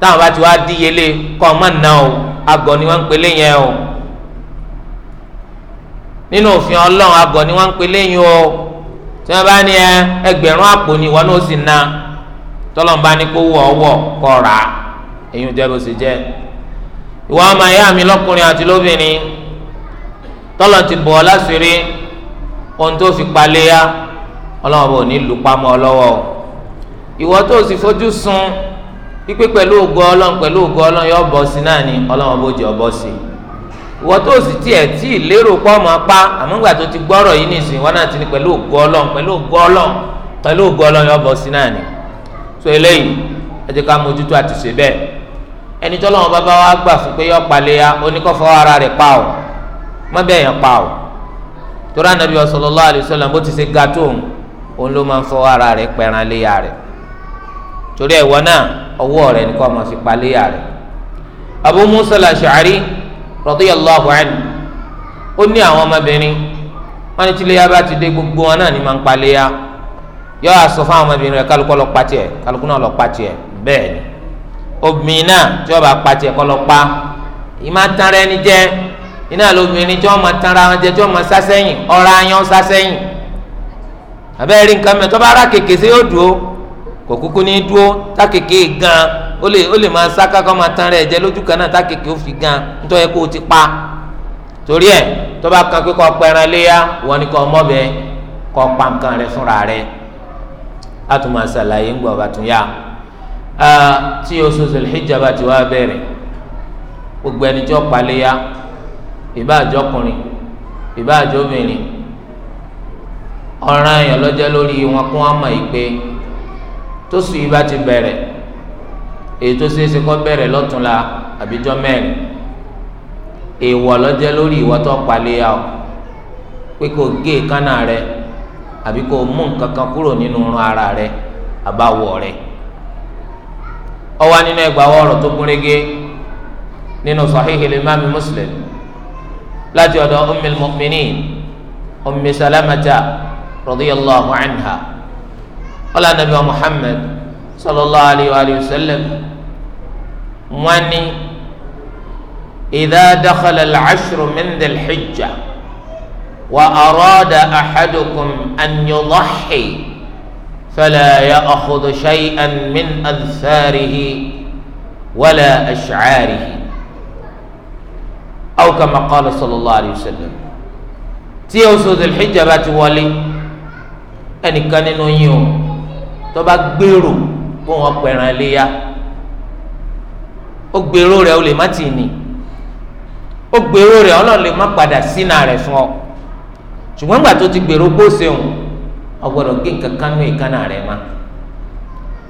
S1: táwọn bá ti wá díyelé kọ́ ọ mọ̀ náà o àgọ́ ni wọ́n ń pelé yẹn o nínú òfin ọlọ́run àgọ́ ni wọ́n ń pè lẹ́yìn o tí wọ́n bá ní ẹ ẹgbẹ̀rún àpò ni ìwọ náà sì na tọ́lọ́n bá ní kó wọ ọwọ́ kọ́ ra èyí ò jẹ́ bó ṣe jẹ́ ìwọ ọmọ ìyá mi lọ́kùnrin àti lóbìnrin tọ́lọ̀ ti bọ̀ ọ́ láṣìírí ohun tó fi paléyà ọlọ́run bò ní lù pamọ́ lọ́wọ́ ìwọ tó sì fojú sun pípé pẹ̀lú ògo ọlọ́run pẹ̀lú ògo ọlọ́run yọ bọ́ sí náà ni ọlọ́run bò jẹ́ ọ bọ́ sí i. wọ́n tó sì tiẹ̀ tí ì máa pa tó ti gbọ́rọ̀ yìí nìsín wọn náà ti ní pẹ̀lú ògo Ọlọ́run pẹ̀lú ògo Ọlọ́run pẹ̀lú ògo bọ̀ sí náà ni so eléyìí ẹ ká mójútó àti ṣe bẹ́ẹ̀ ẹni tó lọ́wọ́ bàbá wa gbà fún pé yọ paléya oníkọ́fọ́ ara rẹ̀ pa ọ́ mọ́ bẹ́ẹ̀ yẹn pa ọ́ tó radiyallahu anhu ó ní àwọn ọmọbìnrin wọn ní tíléyà bá ti dé gbogbo wọn náà ní máa ń paléyà yọ àsọ fún àwọn ọmọbìnrin rẹ kálukú lọ pa tiẹ̀ kálukú náà lọ pa tiẹ̀ bẹ́ẹ̀ ni obìnrin náà tí wọn bá pa tiẹ̀ kọ lọ pa ìmá tanra ẹni jẹ iná lóbìnrin tí wọn máa tanra wọn jẹ tí wọn máa sásẹyìn ọ̀rọ̀ ayan sásẹyìn àbẹ́rẹ́ nǹkan mẹ́tọ́ bá ara kèké sí yóò dúró kò kúkú ní dúró tá kèké gan-an ó lè ó lè máa sáká kó máa tán rẹ̀ jẹ́ lójú kan náà tá kékeré ó fi gan nítorí kó o ti pa torí ẹ̀ tó bá kan pé kó o pẹran léyà wọ́n ní kó o mọ̀ bẹ́ẹ̀ kó o pa nǹkan rẹ̀ fúnra rẹ̀ á tún ńgbọ̀ bá yá tí oṣù Zulhijja bá ti wá bẹ̀rẹ̀ gbogbo ẹni tí ó pa léyà ìbá àjọkùnrin ìbá àjọbìnrin ọ̀ràn èèyàn lọ́jọ́ lórí wọn kún wọn mọ̀ yìí pé tó sùn yìí ti bẹ̀rẹ̀ èyí tó ṣeé ṣe kó bẹ̀rẹ̀ lọ́túnla àbíjọ́ mẹ́rin èèwọ̀ lọ́jẹ́ lórí ìwọ tó palẹ̀ ya o pé kò gé kánà rẹ àbí kò mú nǹkan kan kúrò nínú ara rẹ àbáwọ̀ rẹ ó wà nínú ẹgbàá ọ̀rọ̀ tó gúnrégé nínú Sahih al Muslim láti ọ̀dọ̀ Ummul Mu'minin Ummi Salamata radiyallahu anha ọlànàbí wa Muhammad sallallahu alayhi wa wọ́n ní idha dakhala al-ashru min dhil-hijja wa arada ahadukum an yudahhi fala ya'khudh shay'an min adhfarihi wala ash'arihi aw kama qala sallallahu alayhi wa sallam tí oṣù dhil-hijja bá ti wọlé ẹnìkan nínú yín o tó bá gbèrò kó wọn pẹ̀ràn léyà. ó gbèrò rẹ̀ ó lè má tì ní ó gbèrò rẹ̀ ọlọ́run lè má padà sínú rẹ̀ fún ọ ṣùgbọ́n gbà tó ti gbèrò bó ṣeun ọ gbọ́dọ̀ gé nǹkan kan nínú ìkànnà rẹ̀ ma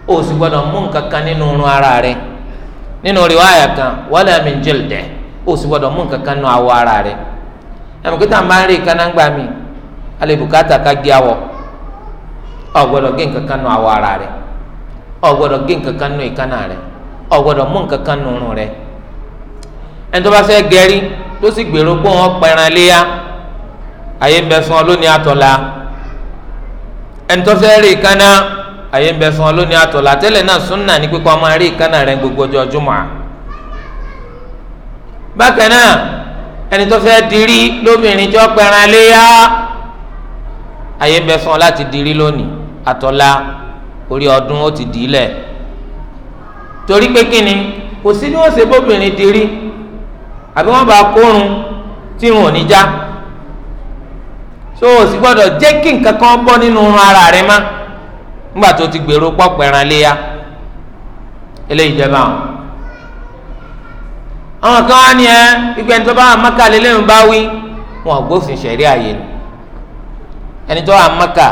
S1: ó sì gbọ́dọ̀ mú nǹkan kan nínú irun ara rẹ̀ nínú riwaya kan wala min jilde ó sì gbọ́dọ̀ mú nǹkan kan nínú awọ ara rẹ̀ ẹ̀mí kí táwọn máa ń rí ìkànnà gbà mí alẹ́ bùkátà ká gé awọ ọ gbọ́dọ̀ gé nǹkan kan nínú awọ ara rẹ̀ ọ gbọ́dọ̀ gé nǹkan kan nínú ìkànnà rẹ̀ ò gbọ́dọ̀ mú nǹkan kan nù rẹ ẹni tó bá fẹ́ gẹrí tó sì gbèrò pé wọn pẹran léyà àyè ń bẹ fún ọ lónìí àtọ̀la ẹni tó fẹ́ rí ìkànnà àyè ń bẹ fún ọ lónìí àtọ̀la tẹ́lẹ̀ náà súnà ní pípa ọmọ rí ìkànnà rẹ gbogbo ọjọ́ jùmọ̀ bákan náà ẹni tó fẹ́ dirí lóbìnrin tó pẹran léyà àyè ń bẹ fún ọ láti dirí lónìí àtọ̀la orí ọdún ó ti dì í lẹ̀. torí pé kíni kò sí bí wọ́n ṣe bóbìnrin rí àbí wọ́n bá kórun tí irun ò ní já so o sì gbọ́dọ̀ kí nǹkan bọ́ nínú ara rẹ má nígbà tó ti gbèrò pọpọ ẹran léya eléyìí jẹ báwọn
S2: kan ní ẹ ìgbẹ́ àmàkà lélẹ́yìn bá wí
S1: wọn àyè ni ẹni àmàkà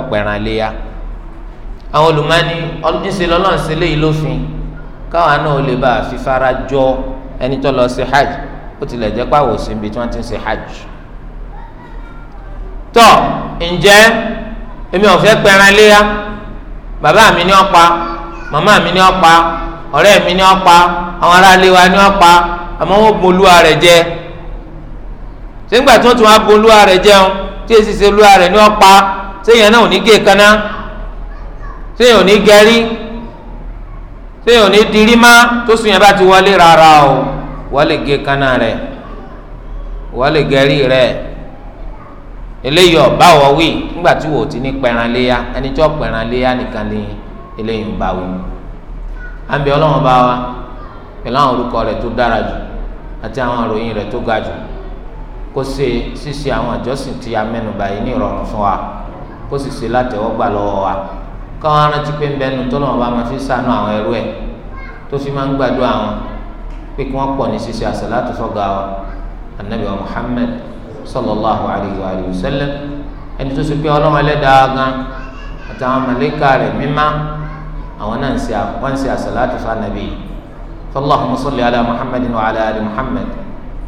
S1: ò ní àwọn olùmọ́ni ńṣe lọ́lọ́run ṣe léyìí lófin káwọn náà ó lè bá a fi fara jọ ẹni tó lọ sí hajj ó tilẹ̀ jẹ́ pàwọ̀ sí ibi tí wọ́n ti ń ṣe hajj. tọ́ ǹjẹ́ èmi ò fẹ́ pẹran léyà bàbá mi ni ó màmá mi ni ó ọ̀rẹ́ mi ni ó pa àwọn aráalé wa ni ó àmọ́ wọ́n bo olúwa rẹ̀ jẹ sígbà tí wọ́n tún wá bo olúwa rẹ̀ jẹun tí èsì ṣe olúwa rẹ̀ ni ó pa séyìn náà ò ní gé kaná téèyàn ní gẹrí téèyàn ní tó sùn yẹn bá ti wọlé rárá o gé kánà rẹ̀ wọ́n lè rẹ̀ eléyìí ọba wọ wí nígbà tí ní ẹni tí wọ́n nìkan ní eléyìí ń wí. àbí ọlọ́run bá wa pẹ̀lú àwọn orúkọ tó àti àwọn rẹ tó ga jù kó ṣe ṣíṣe àwọn àjọsìn tí a mẹ́nu kọ́ wọn rántí pé ń bẹnu tó lọ́wọ́ bá máa fi sànú àwọn ẹrú ẹ̀ tó fi máa ń gbàdúrà wọn pé kí wọ́n pọ̀ ní ṣíṣe àṣàlátù sọ́gà wa anabi wa muhammed sallallahu alayhi wa alayhi wa sallam ẹni tó ṣe pé ọlọ́run ẹlẹ́dàá gan àtàwọn màlẹ́kà rẹ̀ mímá àwọn náà wọ́n ń ṣe àṣàlátù sànàbí fallahumma salli ala muhammed wa ala ali muhammed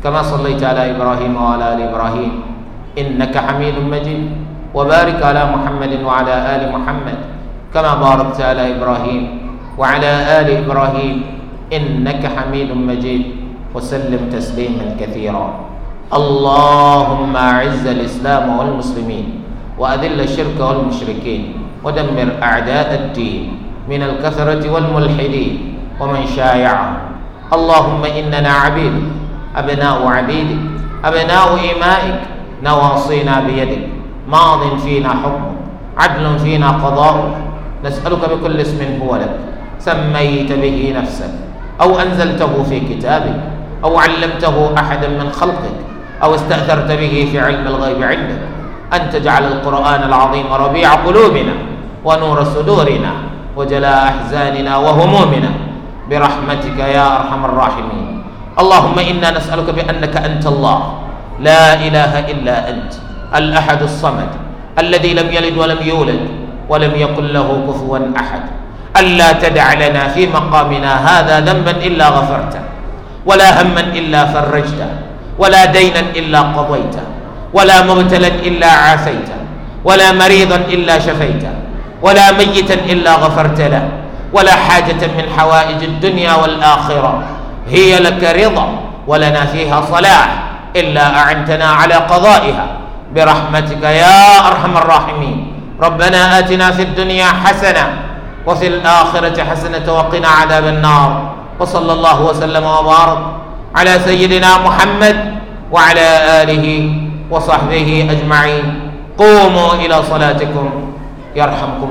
S1: kama sallaita ala ibrahim wa ala ali ibrahim innaka hamidun majid wa barik ala muhammed wa ala ali muhammed. كما باركت على إبراهيم وعلى آل إبراهيم إنك حميد مجيد وسلم تسليما كثيرا اللهم أعز الإسلام والمسلمين وأذل الشرك والمشركين ودمر أعداء الدين من الكثرة والملحدين ومن شايعهم اللهم إننا عبيدك أبناء عبيدك أبناء إمائك نواصينا بيدك ماض فينا حكمك عدل فينا قضاؤك نسألك بكل اسم هو لك سميت به نفسك أو أنزلته في كتابك أو علمته أحدا من خلقك أو استأثرت به في علم الغيب عندك أن تجعل القرآن العظيم ربيع قلوبنا ونور صدورنا وجلاء أحزاننا وهمومنا برحمتك يا أرحم الراحمين اللهم إنا نسألك بأنك أنت الله لا إله إلا أنت الأحد الصمد الذي لم يلد ولم يولد ولم يكن له كفوا أحد ألا تدع لنا في مقامنا هذا ذنبا إلا غفرته ولا هما إلا فرجته ولا دينا إلا قضيته ولا مبتلا إلا عافيته ولا مريضا إلا شفيته ولا ميتا إلا غفرت له ولا حاجة من حوائج الدنيا والآخرة هي لك رضا ولنا فيها صلاح إلا أعنتنا على قضائها برحمتك يا أرحم الراحمين ربنا آتنا في الدنيا حسنة وفي الآخرة حسنة وقنا عذاب النار وصلى الله وسلم وبارك على سيدنا محمد وعلى آله وصحبه أجمعين قوموا إلى صلاتكم يرحمكم